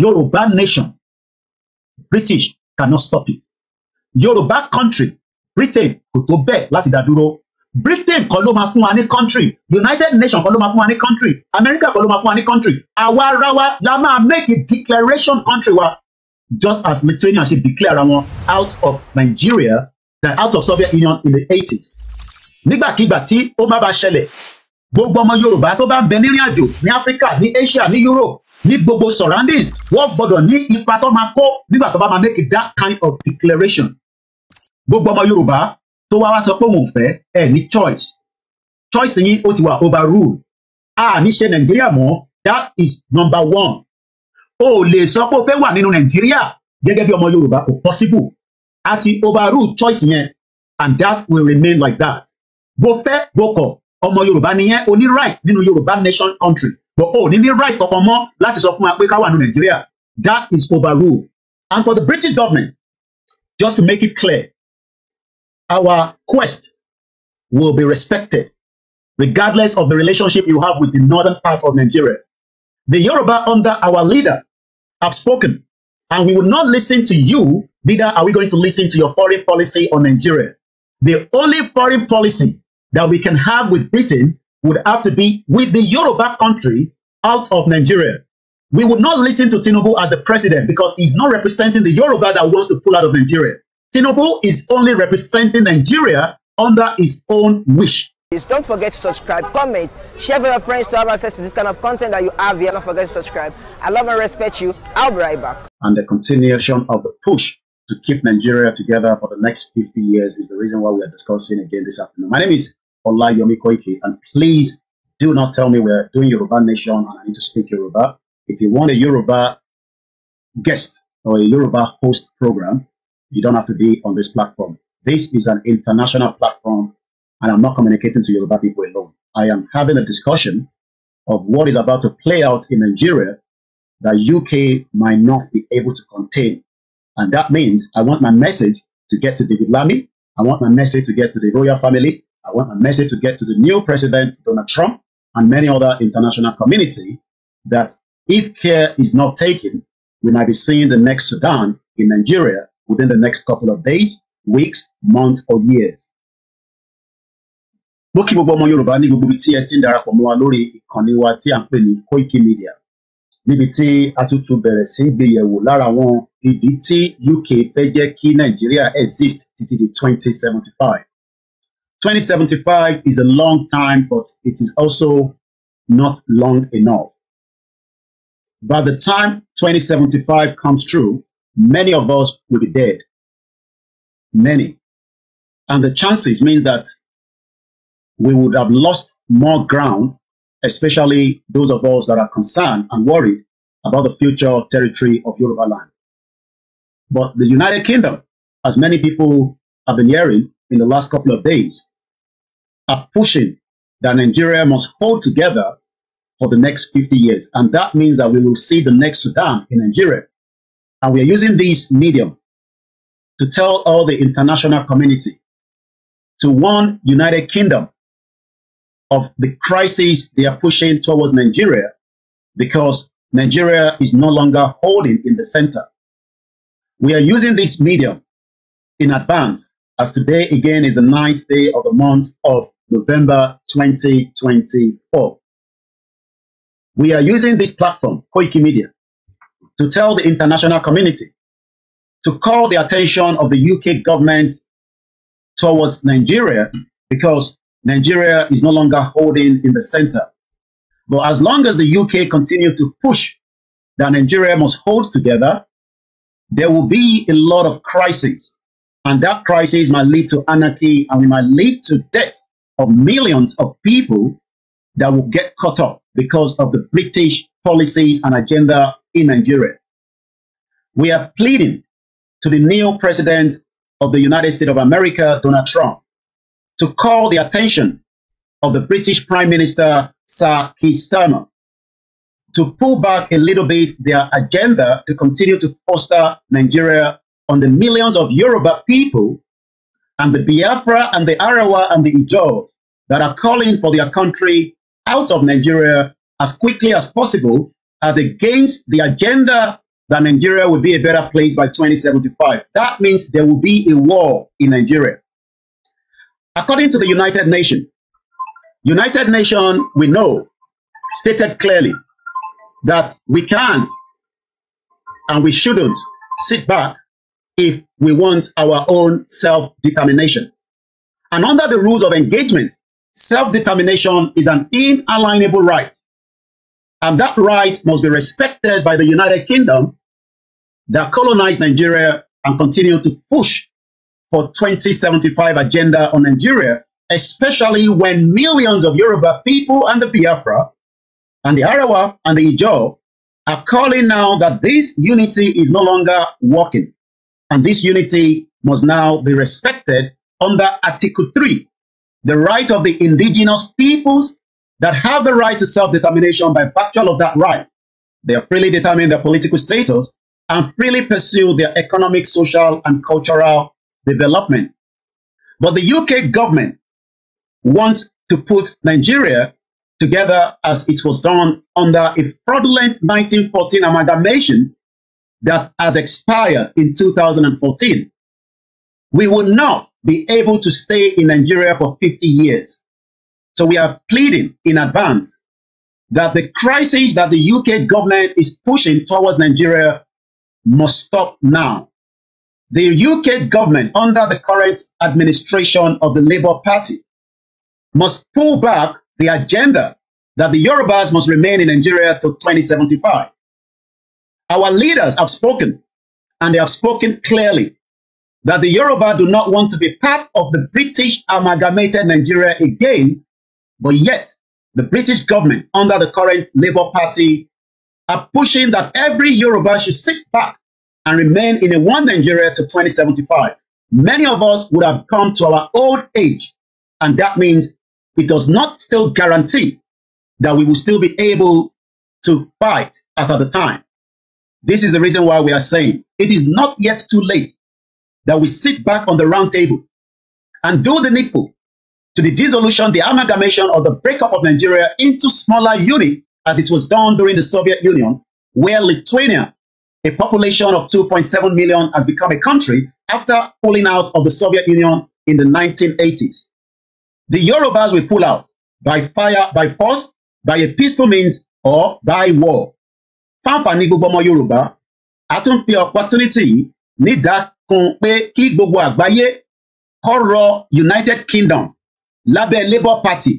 Yoruba nation, British cannot stop it. Yoruba country, Britain kò tó bẹ́ẹ̀ láti dá dúró. Britain kan ló máa fún wa ní country, United Nations kan ló máa fún wa ní country, America kan ló máa fún wa ní country. Àwa ara wa la máa make a declaration country wa just as Lithuania ṣe declare ara wọn out of Nigeria than out of Soviet Union in the 80s. Nígbàkigbà tí ó má bá ṣẹlẹ̀, gbogbo ọmọ Yorùbá tó bá ń bẹ nírìn àjò ní Áfíríkà, ní Asia, ní Europe ní gbogbo surroundings wọ́n gbọ́dọ̀ ní ipa tó máa kó nígbà tó bá máa make that kind of declaration gbogbo ọmọ Yorùbá tó wá wá sọ pé òun ò fẹ́ ẹ̀ ní choice choice yín ó ti wà overruled a ní ṣe Nàìjíríà mọ́ that is number one o ò lè sọ pé o fẹ́ wà nínú Nàìjíríà gẹ́gẹ́ bí ọmọ Yorùbá kò possible àti overruled choice yẹn and that will remain like that bó fẹ́ bó kọ̀ ọmọ yorùbá nìyẹn o ní right nínú yorùbá nation country but o ní ní right kankan mọ́ láti sọ fún wa pé ká wà ní nàìjíríà that is overruled and for the british government just to make it clear our quest will be respected regardless of the relationship you have with the northern part of nigeria the yoruba under our leader have spoken and we will not listen to you neither are we going to listen to your foreign policy on nigeria the only foreign policy that we can have with Britain would have to be with the Yoruba country out of Nigeria. We would not listen to Tinubu as the president because he's not representing the Yoruba that wants to pull out of Nigeria. Tinubu is only representing Nigeria under his own wish. Please don't forget to subscribe, comment, share with your friends to have access to this kind of content that you have here. Don't forget to subscribe. I love and respect you. I'll be right back. And the continuation of the push to keep Nigeria together for the next 50 years is the reason why we are discussing again this afternoon. My name is Olayomi Koike. And please do not tell me we're doing Yoruba Nation and I need to speak Yoruba. If you want a Yoruba guest or a Yoruba host program, you don't have to be on this platform. This is an international platform, and I'm not communicating to Yoruba people alone. I am having a discussion of what is about to play out in Nigeria that UK might not be able to contain. And that means I want my message to get to David Lamy. I want my message to get to the royal family. I want my message to get to the new president, Donald Trump, and many other international community that if care is not taken, we might be seeing the next Sudan in Nigeria within the next couple of days, weeks, months, or years. Mo kí gbogbo ọmọ Yorùbá ní gbogbo ibi tí ẹ ti ń darapọ̀ mọ́ wa lórí ìkànnì wa tí à ń pè ní Koiki Media níbi tí a tuntun bẹ̀rẹ̀ sí gbéyẹ̀wò lára àwọn ìdí tí UK fẹ́ jẹ́ kí Nàìjíríà exist títí di 2075 2075 is a long time, but it is also not long enough. By the time 2075 comes true, many of us will be dead. Many. And the chances means that we would have lost more ground, especially those of us that are concerned and worried about the future territory of Yoruba land. But the United Kingdom, as many people have been hearing in the last couple of days, are pushing that Nigeria must hold together for the next 50 years. And that means that we will see the next Sudan in Nigeria. And we are using this medium to tell all the international community to one United Kingdom of the crisis they are pushing towards Nigeria because Nigeria is no longer holding in the center. We are using this medium in advance as today again is the ninth day of the month of November 2024. We are using this platform, Koiki Media, to tell the international community to call the attention of the UK government towards Nigeria because Nigeria is no longer holding in the center. But as long as the UK continue to push that Nigeria must hold together, there will be a lot of crises and that crisis might lead to anarchy and it might lead to death of millions of people that will get caught up because of the British policies and agenda in Nigeria. We are pleading to the new president of the United States of America, Donald Trump, to call the attention of the British Prime Minister, Sir Keith Starmer, to pull back a little bit their agenda to continue to foster Nigeria on the millions of Yoruba people and the Biafra and the Arawa and the Ijaw that are calling for their country out of Nigeria as quickly as possible as against the agenda that Nigeria will be a better place by 2075. That means there will be a war in Nigeria. According to the United Nations, United Nations, we know, stated clearly that we can't and we shouldn't sit back if we want our own self-determination. And under the rules of engagement, self-determination is an inalienable right. And that right must be respected by the United Kingdom that colonized Nigeria and continue to push for 2075 agenda on Nigeria, especially when millions of Yoruba people and the Biafra and the Arawa and the Ijaw are calling now that this unity is no longer working. And this unity must now be respected under Article 3, the right of the indigenous peoples that have the right to self-determination by virtue of that right. They freely determine their political status and freely pursue their economic, social, and cultural development. But the UK government wants to put Nigeria together as it was done under a fraudulent 1914 amalgamation that has expired in 2014. We will not be able to stay in Nigeria for 50 years. So we are pleading in advance that the crisis that the UK government is pushing towards Nigeria must stop now. The UK government, under the current administration of the Labour Party, must pull back the agenda that the Yorubas must remain in Nigeria till 2075. Our leaders have spoken, and they have spoken clearly that the Yoruba do not want to be part of the British amalgamated Nigeria again, but yet the British government under the current Labour Party are pushing that every Yoruba should sit back and remain in a one Nigeria to 2075. Many of us would have come to our old age, and that means it does not still guarantee that we will still be able to fight as at the time. This is the reason why we are saying it is not yet too late that we sit back on the round table and do the needful to the dissolution, the amalgamation, or the breakup of Nigeria into smaller units, as it was done during the Soviet Union, where Lithuania, a population of 2.7 million, has become a country after pulling out of the Soviet Union in the 1980s. The Yorubas will pull out by fire, by force, by a peaceful means, or by war fáǹfààní gbogbo ọmọ yorùbá a tún fi opportunity yìí nídàkún pé kí gbogbo àgbáyé kó united kingdom lábẹ́ labour party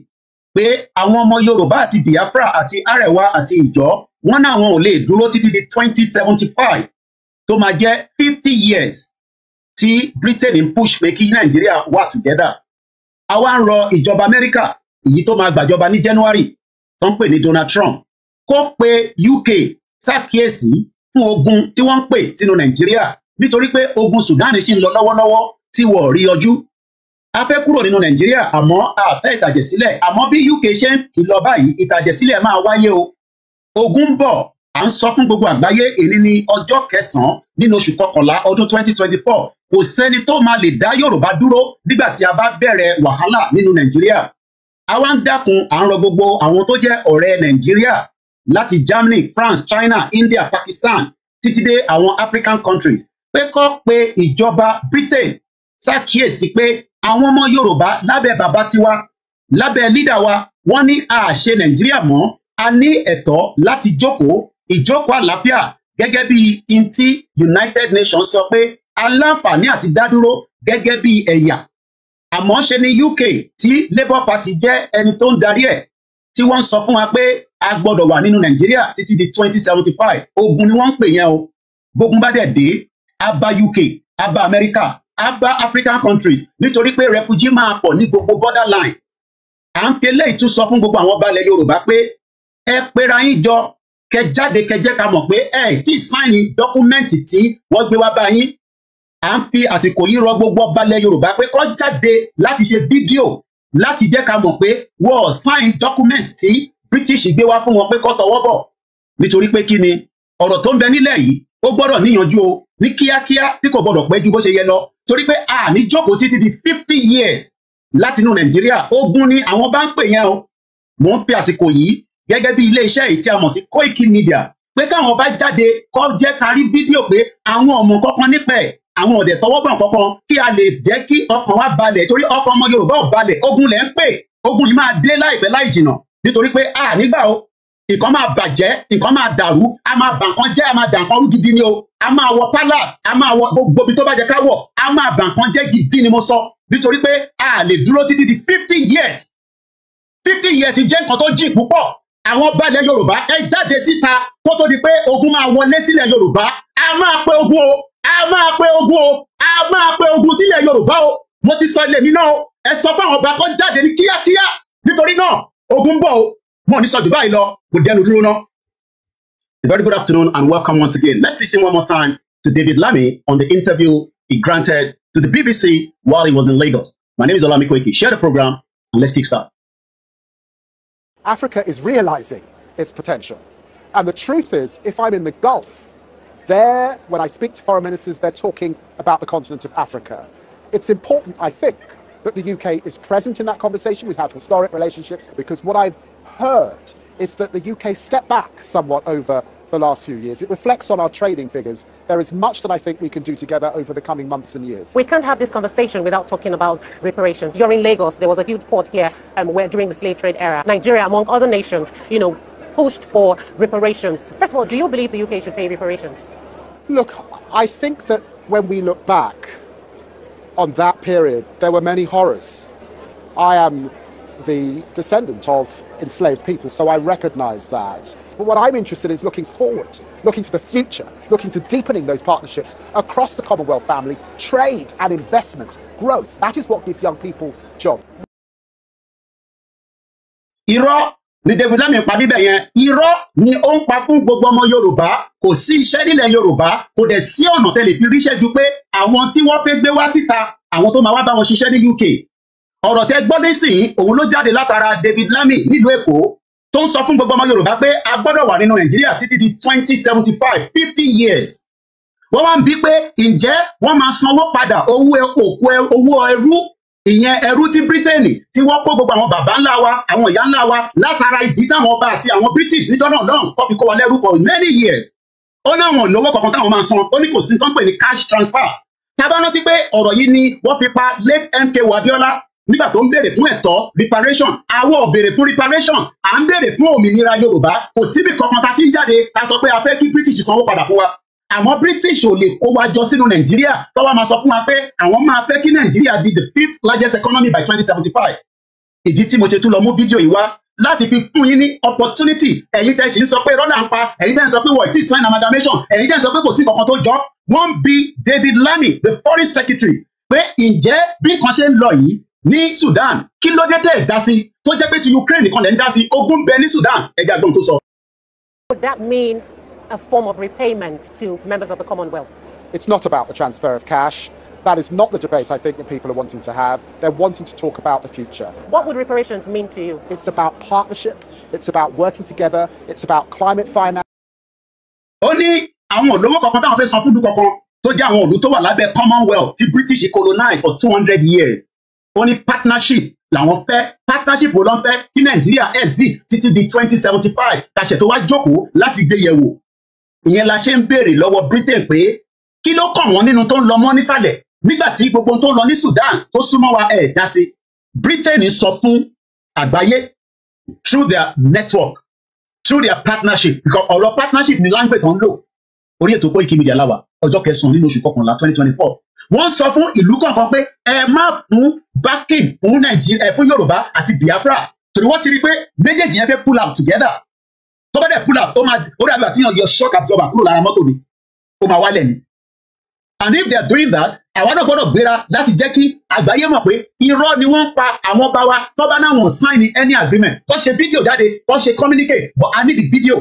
pé àwọn ọmọ yorùbá àti biafra àti arẹwà àti ìjọ wọn náà wọn ò lè dúró títí di twenty seventy five tó máa jẹ́ fifty years tí britain ń push pé kí nàìjíríà wà together àwa ń rọ ìjọba amẹ́ríkà èyí tó máa gbàjọba ní january tó ń pè ní donald trump kó pe uk ṣàkíyèsí fún ogun tí wọ́n ń pè sínú nàìjíríà nítorí pé ogun sudan ṣì ń lọ lọ́wọ́lọ́wọ́ tí wọ́n rí ọjú a fẹ́ kúrò nínú nàìjíríà àmọ́ a fẹ́ ìtàjẹ̀sílẹ̀ àmọ́ bí uk ṣe ń ti lọ báyìí ìtàjẹ̀sílẹ̀ máa wáyé o ogun ń bọ̀ à ń sọ fún gbogbo àgbáyé èyí ní ọjọ́ kẹsànán nínú oṣù kọkànlá ọdún 2024 kò sẹ́ni tó máa lè dá yorùbá dúró nígbà tí a bá bẹ̀rẹ̀ wàhálà nínú nàìjíríà àwa ń dákun à ń rọ gbogbo àwọn tó jẹ́ ọ̀rẹ́ nàìjíríà láti Germany France China India Pakistan títí dé àwọn African countries pé kọ́ pé ìjọba Britain ṣàkíyèsí pé àwọn ọmọ Yorùbá lábẹ́ bàbá tiwa lábẹ́ lídà wa wọ́n ní àṣẹ Nàìjíríà mọ́ a ní ẹ̀tọ́ láti jókòó ìjókòó àlàáfíà gẹ́gẹ́ bí n United Nations sọ pé aláǹfààní àti dádúró gẹ́gẹ́ bí ẹ̀yà àmọ́ ṣe ní UK tí Labour Party jẹ́ ẹni tó ń darí ẹ̀ tí wọ́n sọ fún wa pé a gbọ́dọ̀ wà nínú nàìjíríà títí di twenty seventy five ogun ni wọ́n ń pè yẹn o bógun bá dẹ̀ dé a bá uk a bá america a bá african countries nítorí pé refugee máa pọ̀ ní gbogbo border line à ń fi eléyìí tún sọ fún gbogbo àwọn balẹ̀ yorùbá pé ẹ pera yín jọ kẹ jáde kẹ jẹ́ ká mọ̀ pé ẹ tí sáyìn dọ́kúmẹ́ǹtì tí wọ́n gbé wá bá yín à ń fi àsìkò yìí rọ gbogbo balẹ̀ yorùbá pé kó jáde láti ṣe fídíò láti jẹ́ ká mọ̀ pé wọ́n sáyìn dọ́kúmẹ́ǹtì tí british gbé wá fún wọn pé kọ́ tọwọ́ bọ̀ nítorí pé kí ni ọ̀rọ̀ tó ń bẹ nílẹ̀ yìí ó gbọ́dọ̀ níyanjú o ní kíákíá tí kò gbọ́dọ̀ pẹ́ ju bó ṣe yẹ lọ torí pé a ní jókòó títí di fifty years látinú nàìjíríà ogun ni àwọn bá ń pè yẹn o mò ń fi àsìkò yìí gẹ́gẹ́ bí iléeṣẹ́ èyí tí a mọ̀ sí Koiki Media pé káwọn bá jáde kó jẹ́ ká rí fídíò pé àwọn ọmọ kọ́kọ́ nípẹ̀ àwọn ọ̀dẹ̀ tọwọ́ bọ̀ kọ́kọ́ kí a lè jẹ́ kí ọkàn wa balẹ̀ torí ọkàn ọmọ Yorùbá ò balẹ̀ ogun lẹ̀ ń pè ogun yìí máa dé láìpẹ́ láì jìnà nítorí pé a nígbà o nǹkan máa bàjẹ́ nǹkan máa dàrú a máa bà nǹkan jẹ́ a máa dà nǹkan rú gidi ni o a máa wọ palace a máa wọ gbogbo ibi tó bá jẹ ká wọ a máa bà nǹkan jẹ́ gidi ni mo sọ nítorí pé a lè dúró títí di fifty years fifty years jẹ́ nǹkan tó jìn púpọ̀ àwọn balẹ̀ Yorùbá ẹ jáde síta kó tó di pé ogun máa wọlé sílẹ̀ Yorùbá a máa pé ogun o a máa pé ogun o a máa pé ogun sílẹ̀ Yorùbá o mo ti sọ ilé mi náà o ẹ sọ fún àwọn ọba kan jáde ní kíákíá nítorí náà Ogunbo, bọ̀ sọ dubai lọ A very good afternoon and welcome once again. Let's listen one more time to David Lammy on the interview he granted to the BBC while he was in Lagos. My name is Olami Kwike. Share the program and let's kickstart. Africa is realizing its potential. And the truth is, if I'm in the Gulf, there, when I speak to foreign ministers, they're talking about the continent of Africa. It's important, I think, but the UK is present in that conversation. We have historic relationships because what I've heard is that the UK stepped back somewhat over the last few years. It reflects on our trading figures. There is much that I think we can do together over the coming months and years. We can't have this conversation without talking about reparations. You're in Lagos. There was a huge port here um, where during the slave trade era, Nigeria, among other nations, you know, pushed for reparations. First of all, do you believe the UK should pay reparations? Look, I think that when we look back, on that period, there were many horrors. I am the descendant of enslaved people, so I recognize that. But what I'm interested in is looking forward, looking to the future, looking to deepening those partnerships across the Commonwealth family, trade and investment, growth. That is what gives young people jobs. Iraq. ni David Lammy pa níbẹ̀ yẹn irọ́ ni ó ń pa fún gbogbo ọmọ Yorùbá kò sí iṣẹ́ nílẹ̀ Yorùbá kò dẹ̀ sí ọ̀nà tẹ́lẹ̀ fi ríṣẹ́ ju pé àwọn tí wọ́n fẹ́ gbé wá síta àwọn tó máa wá bá wọn ṣiṣẹ́ ní UK ọ̀rọ̀ tẹ́ gbọ́ nísìnyí òun ló jáde látara David Lammy nílùú Èkó tó ń sọ fún gbogbo ọmọ Yorùbá pé a gbọ́dọ̀ wà nínú Nàìjíríà títí di twenty seventy five fifty years wọ́n wá ń bí pé ǹjẹ́ wọ́n máa sanwó padà owó òkú owó ẹrú ìyẹn ẹrú tí britain tí wọ́n kó gbogbo àwọn bàbá ńlá wa àwọn ìyá ńlá wa látara ìdí táwọn ọba àti àwọn british níjọ́ náà lọ́hùn kọ́ fi kó wa lẹ́rú for many years ó láwọn ìlówó kankan táwọn máa san ó ní kò sí nǹkan pè ní cash transfer tábà rántí pé ọ̀rọ̀ yìí ni wọ́n fi pa late MKO Abiola nígbà tó ń béèrè fún ẹ̀tọ́ reparation àwọn ò béèrè fún reparation à ń béèrè fún òmìnira Yorùbá kò síbi kankan tá ti ń jáde tá sọ pé a fẹ́ kí british sanwó padà fún wa àwọn British ò lè kó wa jọ sínú Nàìjíríà tó wá máa sọ fún wa pé àwọn máa fẹ́ kí Nàìjíríà di the fifth largest economy by twenty seventy five ìdí tí mo ṣe tún lọ mú fídíò yìí wá láti fi fún yín ní opportunity ẹ̀yin tẹ́ ṣì ń sọ pé rọ́dà ń pa ẹ̀yin tẹ́ ń sọ pé wọ́n ti sign amalgamation ẹ̀yin tẹ́ ń sọ pé kò sí kankan tó jọ wọ́n bi David Lammy the foreign secretary pé ǹjẹ́ bí kan ṣe ń lọ yìí ní Sudan kí ló dé tẹ̀ dá sí tó jẹ́ pé ti Ukraine nìkan lẹ̀ ń dá sí ogun bẹ ní Sudan ẹ̀jẹ̀ àgbọ̀n tó sọ. that mean a form of repayment to members of the Commonwealth? It's not about the transfer of cash. That is not the debate I think that people are wanting to have. They're wanting to talk about the future. What would reparations mean to you? It's about partnership, it's about working together, it's about climate finance. ó ní àwọn olówó kankan táwọn fẹ́ san fún ìlú kankan tó jẹ́ àwọn òlú tó wà lábẹ́ commonwealth tí british colonize for two hundred years ó ní partnership làwọn fẹ́ partnership wo ló ń fẹ́ kí nàìjíríà exist títí di twenty seventy five tàṣẹ tó wá jókòó láti gbé yẹ̀wò ìyẹn la ṣe ń béèrè lọ́wọ́ britain pé kí ló kàn wọ́n nínú tó ń lọ mọ́ nísàlẹ̀ nígbà tí gbogbo tó ń lọ ní sudan tó súnmọ́ wa ẹ̀ dá sí britain sọ fún àgbáyé through their network through their partnership because ọ̀rọ̀ partnership ni language kan ń lò orí ètò Koiki Media la wà ọjọ́ kẹsàn-án nínú oṣù kọkànlá twenty twenty four wọ́n sọ fún ìlú kọ̀ọ̀kan pé ẹ má fún backing fún nàìjíríà fún yorùbá àti biafra torí wọ́n ti rí i pé méjèèjì yẹn fẹ́ pull am together tó bá dẹ̀ pull up ó máa orí àbí àtìyàn yọ shock absorber kúrò lára mọ́tò mi ó máa wálẹ̀ ni and if they are doing that àwa náà gbọ́dọ̀ gbéra láti jẹ́ kí àgbáyé mọ̀ pé irọ́ ni wọ́n ń pa àwọn ọba wa tó bá náà wọ́n sign any agreement kó ṣe fídíò jáde kó ṣe communicate but I need the video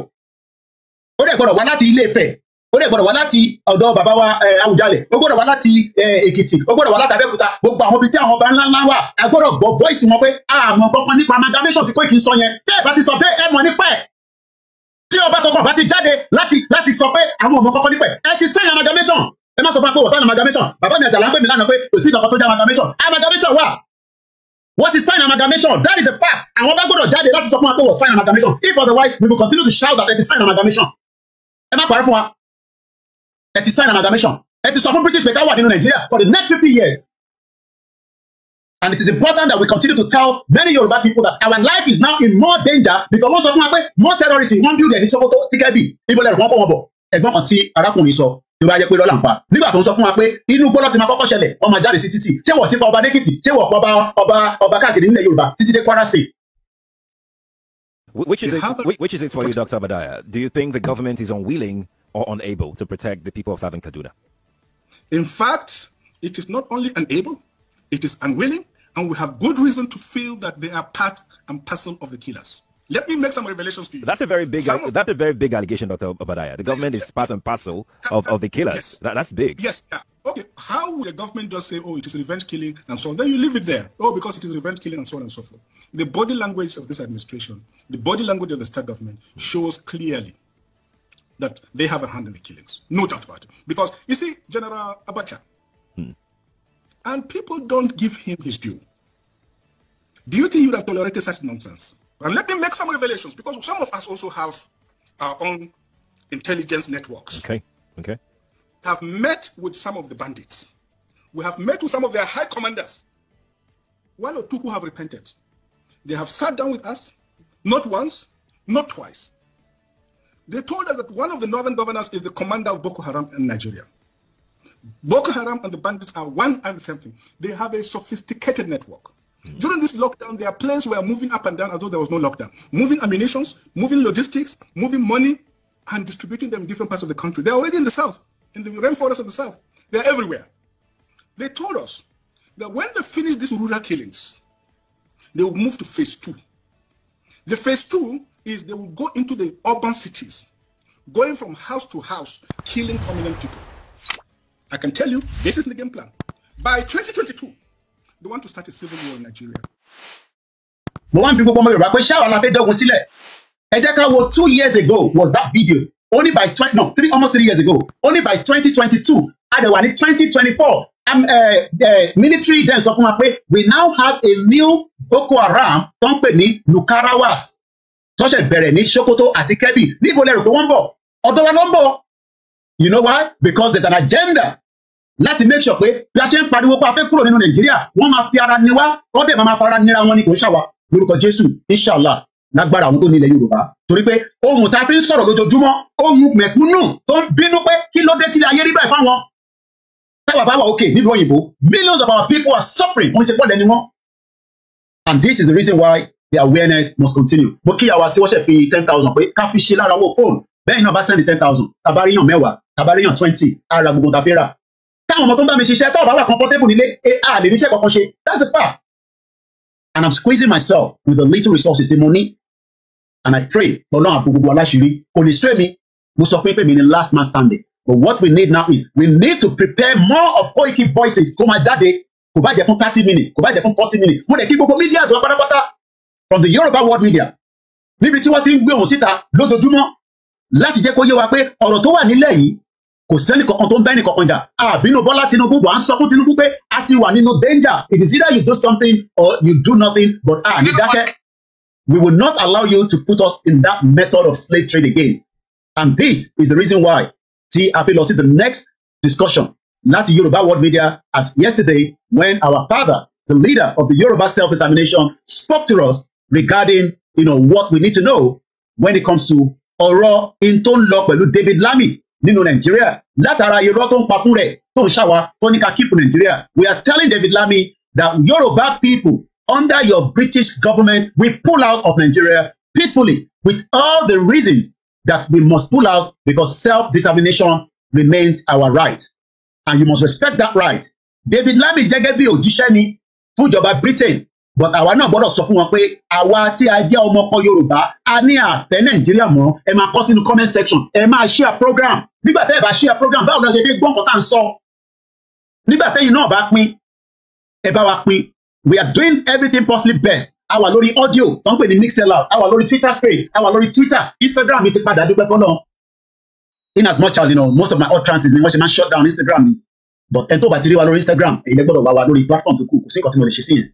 ó dẹ̀ gbọ́dọ̀ wá láti ilé Ifẹ̀ ó dẹ̀ gbọ́dọ̀ wá láti ọ̀dọ̀ bàbá wa Àwùjalẹ̀ eh, ó gbọ́dọ̀ wá láti eh, Èkìtì ó gbọ́dọ̀ wá láti Abẹ́òkúta gbogbo àwọn ibi tí àwọn ọba ńlá ńlá wà a gbọ́dọ̀ gbọ́ voice wọn pé àmọ́ kankan nípa amalgamation ti kó ìkíni sọ yẹn bẹ́ẹ̀ bá ti sọ bẹ́ẹ̀ ẹ mọ̀ nípa ẹ̀ tí ọba kankan bá ti jáde láti láti sọ pé àwọn ọmọ kọkọ nípẹ ẹ ti sign amalgamation ẹ má sọ fún wa pé wọ́n sign amalgamation bàbá mi àjàlá ń pè mí lánàá pé kò sí ìkọ̀kọ̀ tó jẹ́ amalgamation amalgamation wà wọ́n ti sign amalgamation that is a fact àwọn bá gbọ́dọ̀ jáde láti sọ fún wa pé wọ́n sign amalgamation if otherwise we will continue to shout that ẹ ti sign amalgamation ẹ má parẹ́ fún wa ẹ ti sign amalgamation ẹ ti sọ fún British pé ká wà nínú Nàìjíríà for the next fifty years and it is important that we continue to tell many Yoruba people that our life is now in more danger because wọ́n sọ fún wa pé more terrorism wọ́n build ẹ̀ ní Sokoto tíkẹ́bì ìbọ̀lẹ̀ rẹ̀ wọ́n kọ́ wọn bọ̀ ẹ̀gbọ́n kan tí arákùnrin sọ tó bá yẹ pé lọ́la ń pa nígbà tó ń sọ fún wa pé inú gbọ́dọ̀ ti máa kọ́kọ́ ṣẹlẹ̀ wọ́n máa jáde sí títì ṣé wọ́n ti pa ọba lẹ́kìtì ṣé wọ́n pa ọba ọba ọba káàkiri nílẹ̀ Yorùbá títí dé Kwara State. Which is, it, which is it for you, Dr. Abadaya? Do you think the government is unwilling or unable to protect the people of Southern Kaduna? In fact, it is not only unable, it is unwilling, and we have good reason to feel that they are part and parcel of the killers. Let me make some revelations to you. That's a very big. Some that's a very big allegation, Doctor Obadiah. The government yes, is part and parcel of, of the killers. Yes. That, that's big. Yes. Yeah. Okay. How will the government just say, "Oh, it is revenge killing" and so on? Then you leave it there. Oh, because it is revenge killing and so on and so forth. The body language of this administration, the body language of the state government, shows clearly that they have a hand in the killings. No doubt about it. Because you see, General Abacha, hmm. And people don't give him his due. Do you think you would have tolerated such nonsense? And let me make some revelations because some of us also have our own intelligence networks. Okay. Okay. Have met with some of the bandits. We have met with some of their high commanders. One or two who have repented. They have sat down with us, not once, not twice. They told us that one of the northern governors is the commander of Boko Haram in Nigeria. Boko Haram and the bandits are one and the same thing. They have a sophisticated network. Mm-hmm. During this lockdown, their planes were moving up and down as though there was no lockdown, moving ammunitions, moving logistics, moving money, and distributing them in different parts of the country. They're already in the south, in the rainforest of the south. They're everywhere. They told us that when they finish these rural killings, they will move to phase two. The phase two is they will go into the urban cities, going from house to house, killing prominent people. I can tell you, this is the game plan. By 2022, they want to start a civil war in Nigeria. Mo wan ń bi gbogbo ọmọ Yorùbá pé ṣé àwọn la fẹ́ dógun sílẹ̀? Ẹ jẹ́ ká wo two years ago was that video only by twenty no three almost three years ago only by twenty twenty two adewa ní twenty twenty four um, eh, eh, military then sọ fún wa pé we now have a new Boko Haram company, ń pè ní Lukarawas tó ṣe bẹ̀rẹ̀ ní Sokoto àti Kebbi níbo lẹ́rù pé wọ́n bọ̀ ọ̀dọ́ wa ló ń bọ̀ you know why because there's an agenda láti make sure pé bí a ṣe ń pariwo pé a fẹ́ kúrò nínú nàìjíríà wọ́n máa fi ara niwá wọ́n dẹ̀ máa fara nira wọn ni kò ń ṣàwà lórúkọ jésù inshallah lágbára àwọn tó ní ilẹ̀ yorùbá torí pé ohun tá a fi ń sọ̀rọ̀ lójoojúmọ́ ohun mẹ̀kúnnù tó ń bínú pé kí ló dé tí ayé rí báyìí fáwọn táwa bá wà òkè nílùú òyìnbó millions of our people are suffering wọ́n ti pọ̀ lẹ́ni wọn and this is the reason why the awareness must continue mo kí àwa tí wọ́n ṣe fi ten thousand pé ká fi ṣe lára owó fóònù bẹ́ẹ̀ náà bá sẹ́ni ten thousand tàbá ríyàn mẹ́wàá tàbá ríyàn twenty ara gbogbo tàbí rà táwọn ọmọ tó ń bá mi ṣiṣẹ́ táwọn bá wà comfortable nílé eh, a lè níṣẹ́ kankan ṣe that's the part and i'm squeezing myself with the little resources the money, and i pray lọ́nà àbò gbogbo aláṣìírí kò ní sún èmi mo sọ pé pèmí ni last man standing but what we need now is we need to prepare more of Koiki voices kó máa jáde kò bá jẹ́ fún thirty minutes kò bá jẹ́ fún forty minutes mo lè kí gbogbo media wa pátápátá from the Yoruba world media níbi tí wọ́n ti ń gbé òun síta lójoojúmọ́ láti jẹ́ kó yé wa pé ọ̀rọ̀ tó wà nílẹ̀ yìí kò sẹ́ni kankan tó ń bẹ́ni kankan jà àbínú bọ́lá tinubu wà ń sọ fún tinubu pé a ti wà nínú danger it is either you do something or you do nothing but a ní dákẹ́ we will not allow you to put us in that method of slave trade again and this is the reason why ti a fi lọ sí the next discussion láti Yorùbá World Media as yesterday when our father the leader of the Yoruba self-determination spoke to us regarding you know, what we need to know when it comes to ọ̀rọ̀ in tó ń lọ pẹ̀lú David Lami nínú nàìjíríà látara irọ́ tó ń pa fún rẹ̀ tó ń ṣàwà tó ní ká keep nàìjíríà we are telling David Lami that Yoruba people under your British government will pull out of Nigeria peacefully with all the reasons that we must pull out because self-determination remains our right and you must respect that right David Lami gẹ́gẹ́ bí òjíṣẹ́ ni fúnjọba Britain but àwa náà gbọ́dọ̀ sọ fún wọn pé àwa tí a jẹ́ ọmọ kan Yorùbá a ní àfẹ́ Nàìjíríà mọ́ ẹ máa kọ sínú comment section ẹ máa share program nígbà tẹ́ ẹ bá share program báwo la ṣe dé gbọ́n kan tá à ń sọ nígbà tẹ́yìn náà bá pín ẹ bá wa pín we are doing everything possibly best a wà lórí audio tó ń pè ní mixeloud a wà lórí Twitter space a wà lórí Twitter Instagram mi ti padà dúpẹ́ fọ́nà in as much as you know most of my utterances ni wọ́n ṣe máa shut down Instagram mi but ẹni tó bá ti rí wa lórí Instagram èyí lẹ́gbọ́dọ̀ wá wa lórí platform tó kù kò sí nǹkan tí mo lè ṣe sí yẹn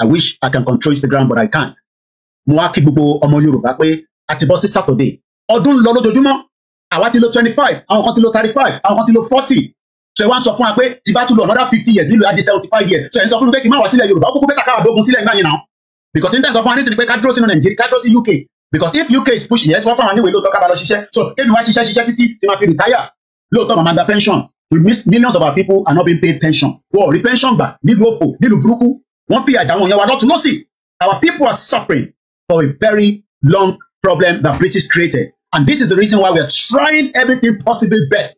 I wish I can control Instagram but I can't. Mo wá kí gbogbo ọmọ Yorùbá pé a ti bọ́ sí Saturday. Ọdún ń lọ lójoojúmọ́. Àwa ti lo twenty five, àwọn kan ti lo thirty five, àwọn kan ti lo forty. Sọ ẹ wá ń sọ fún wa pé tí bá tún lo another fifty years nílùú Adé seventy five years. Sọ ẹ ń sọ fún mi pé kí n má wá sílẹ̀ Yorùbá. Ó kúkú bẹ́tà káwá dógun sílẹ̀ nígbà yẹn náà. Because in terms of finance ni pé ká dúró sínú Nàìjíríà ká dúró sí UK. Because if UK is pushing, yes, wọ́n fún àwọn níwèé lóòótọ́ ká bá lọ ṣiṣẹ́. So kémi wá ṣiṣẹ́ ṣiṣẹ́ títí tí máa fi retire. Lóòótọ́ màmá gba pension. millions of our people are not being paid pension. Wọ́n rí pension gbà nílùú òfò nílùú burúkú wọ́n fi àjà àwọn èèyàn wa lọ́tún lọ́sì our people are suffering for a very long problem that British created and this is the reason why we are trying everything possible best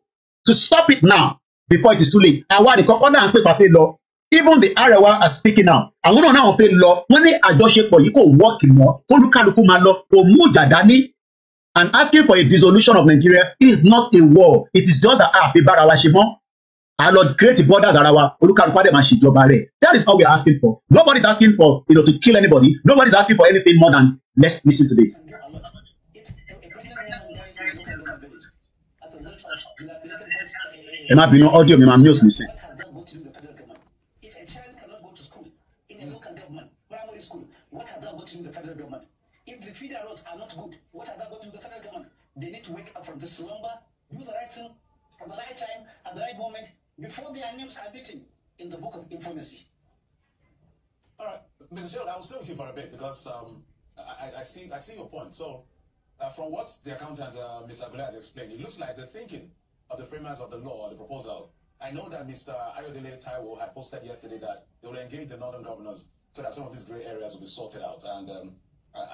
to stop it now before it is too late àwa nìkan kọ́ náà ń pè pàpé lọ even the Arewa are speaking now àwọn náà náà fẹ́ lọ wọ́n ní àjọṣepọ̀ yìí kò wọ́ọ̀kì mọ́ kólúkálukú máa lọ kò mú ìjà dání and asking for a dissolution of Nigeria is not a war it is just that a àbí bára wa ṣe mọ́ a lọ create borders look wa them and she ṣèjọba rẹ̀ that is all we are asking for nobody is asking for you know, to kill anybody nobody is asking for anything more than let's listen to this. ẹ má bínú audio mi máa mute mi sí. They need to wake up from this slumber, do the right thing at the right time, at the right moment, before their names are written in the book of infamy. All right, Mr. Sheldon, I will stay with you for a bit because um, I, I, see I see your point. So, uh, from what the accountant, uh, Mr. Abdullah, has explained, it looks like the thinking of the framers of the law, or the proposal. I know that Mr. Ayodele Taiwo had posted yesterday that they will engage the northern governors so that some of these gray areas will be sorted out. And um,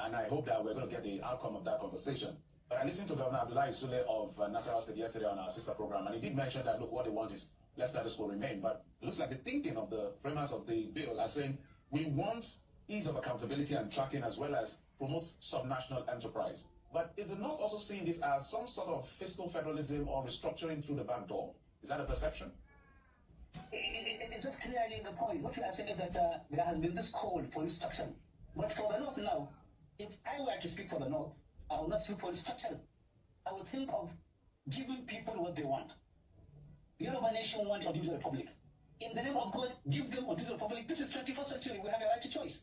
and I hope that we're going to get the outcome of that conversation. But I listened to Governor Abdullah Isule of uh, Nasarawa State yesterday on our sister program, and he did mention that, look, what they want is that status quo remain. But it looks like the thinking of the framers of the bill are saying we want ease of accountability and tracking as well as promote subnational enterprise. But is it not also seeing this as some sort of fiscal federalism or restructuring through the back door? Is that a perception? It, it, it's just clearly the point. What you are saying is that uh, there has been this call for instruction. But for the North now, if I were to speak for the North, I would not speak for instruction. I would think of giving people what they want nation republic. In the name of God, give them a digital republic. This is 21st century. We have a right to choice.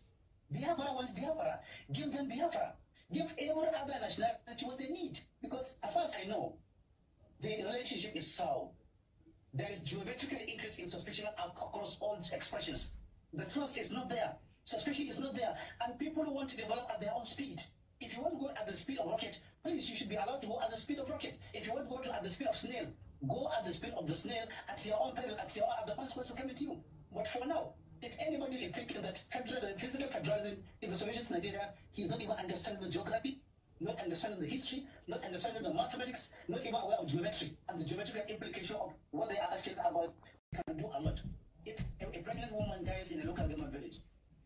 Biafra wants Biafra. Give them Biafra. Give every other nationality what they need. Because as far as I know, the relationship is sour. There is geometrically increase in suspicion across all expressions. The trust is not there. Suspicion is not there. And people want to develop at their own speed. If you want to go at the speed of rocket, please, you should be allowed to go at the speed of rocket. If you want to go to at the speed of snail, Go at the speed of the snail at your own peril, at your at the consequences coming to you. But for now, if anybody is thinking that federalism, physical federalism is the solution to Nigeria, he is not even understanding the geography, not understanding the history, not understanding the mathematics, not even aware of geometry and the geometrical implication of what they are asking about. We can do a lot. If a pregnant woman dies in a local government village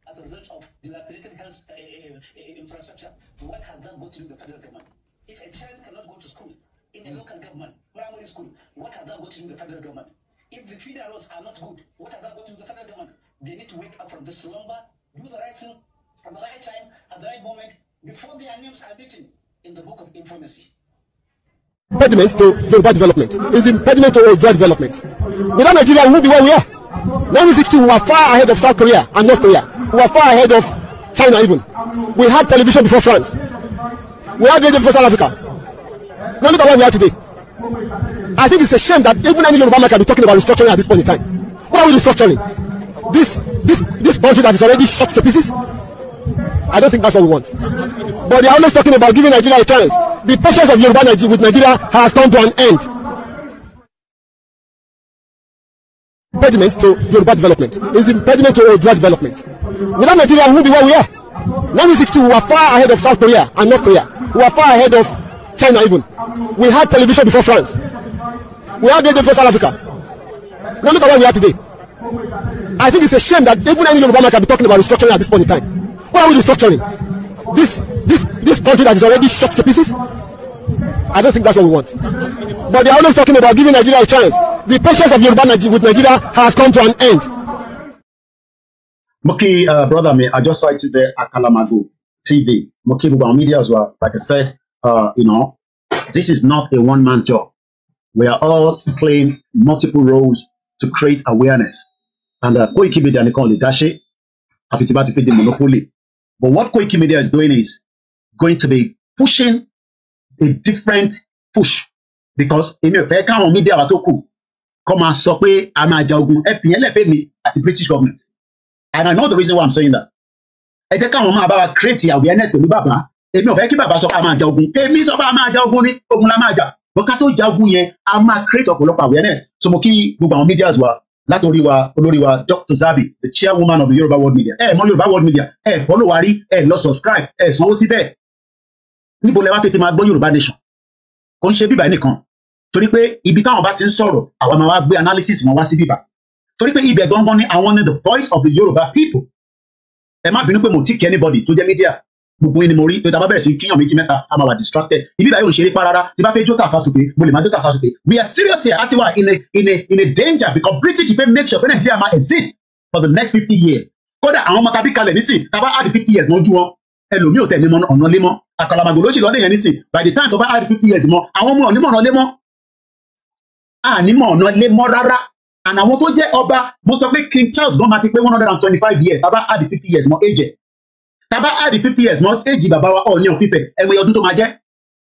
as a result of dilapidated health uh, uh, infrastructure, what has that got to do with the federal government? If a child cannot go to school in the local government, primary school, what are they going to do with the federal government? If the federal laws are not good, what are they going to do with the federal government? They need to wake up from this slumber, do the right thing at the right time, at the right moment, before their names are written in the book of infamy. Impediment to Yoruba development is impediment to Yoruba development. Without Nigeria, we would be where we are. 1960, we were far ahead of South Korea and North Korea. We were far ahead of China even. We had television before France. We had radio before South Africa. Now look at where we are today. I think it's a shame that even any Yoruba man can be talking about restructuring at this point in time. What are we restructuring? This this this country that is already shot to pieces? I don't think that's what we want. But they are always talking about giving Nigeria a chance. The patience of Yoruba Nigeria with Nigeria has come to an end. Impediment to Yoruba development is impediment to Yoruba development. Without Nigeria, we won't be where we are. 1960, we were far ahead of South Korea and North Korea. We were far ahead of China even. We had television before France. We had radio before South Africa. Now look at what we are today. I think it's a shame that even any Yoruba man can be talking about restructuring at this point in time. What are we restructuring? This this this country that is already shot to pieces? I don't think that's what we want. But they are always talking about giving Nigeria a chance. The patience of Yoruba Nigeria with Nigeria has come to an end. Moki, uh, brother me, I just cited the Akalamago TV. Moki, media as well. Like I said, Uh, you know, this is not a one man job. We are all playing multiple roles to create awareness. And uh, Koiki Media, they call it Dashi, Afitibati the Monopoly. But what Koiki Media is doing is going to be pushing a different push because èmi ò fẹ́ káwọn media wa tó kù kọ́ máa sọ pé a máa ja ogun ẹ British government and I know the reason why I'm saying that ẹ jẹ́ káwọn máa bá wa create awareness to bàbá èmi ò fẹ́ kí bàbá sọ pé a máa ja ogun èmi sọ pé a máa ja ogun ní ogun la máa jà bọ́n tó ja ogun yẹn a máa create ọ̀pọ̀lọpọ̀ awareness so mo kí gbogbo àwọn medias wa látòrí wa olórí wa Dr. Zabi the chairwoman of the Yoruba World Media ẹ mọ Yoruba World Media ẹ fọlọ wa rí ẹ lọ subscribe ẹ sanwó síbẹ̀ níbo lẹ wá fẹ́ ti máa gbọ́ Yoruba Nation kò ń ṣe bíbà nìkan torí pé ibi táwọn bá ti ń sọ̀rọ̀ àwa máa wá gbé analysis wọn wá sí bíbà torí pé ibẹ̀ gangan ni àwọn ni the voice of the Yoruba people ẹ má bínú pé mo ti kí anybody tó jẹ́ media gbogbo yín mo rí tó tàbá bẹ̀rẹ̀ sí kíyàn méjì mẹ́ta a máa wà distracted ibi báyìí ò ń ṣeré pa rárá tí bá fẹ́ jóta fásitì mo lè máa jóta fásitì we are serious here àti wà in a in a in a danger because British fẹ́ make sure pé Nàìjíríà máa exist for the next fifty years kódà àwọn ọmọ tàbí kalẹ̀ nísìn tàbá add fifty years mọ́jú wọn ẹlòmíì ò tẹ̀ ní ọ̀nà lé mọ́ àkàlàmàgbò ló sì lọ́dẹ̀ yẹn nísìn by the time tó bá add fifty years mọ́ àwọn ọmọ onímọ̀ ọ̀nà lé mọ́ ànímọ̀ ọ̀nà lé mọ́ rárá and àwọn tó jẹ́ ọba mo sọ pé King Charles gan ma ti pé one hundred and twenty five years tàbá add fifty years mọ́ age taba add fifty years mọ éjì bàbá wa ọ̀ọ́ni ọ̀hún pípẹ́ ẹ̀wọ̀n ọdún tó máa jẹ́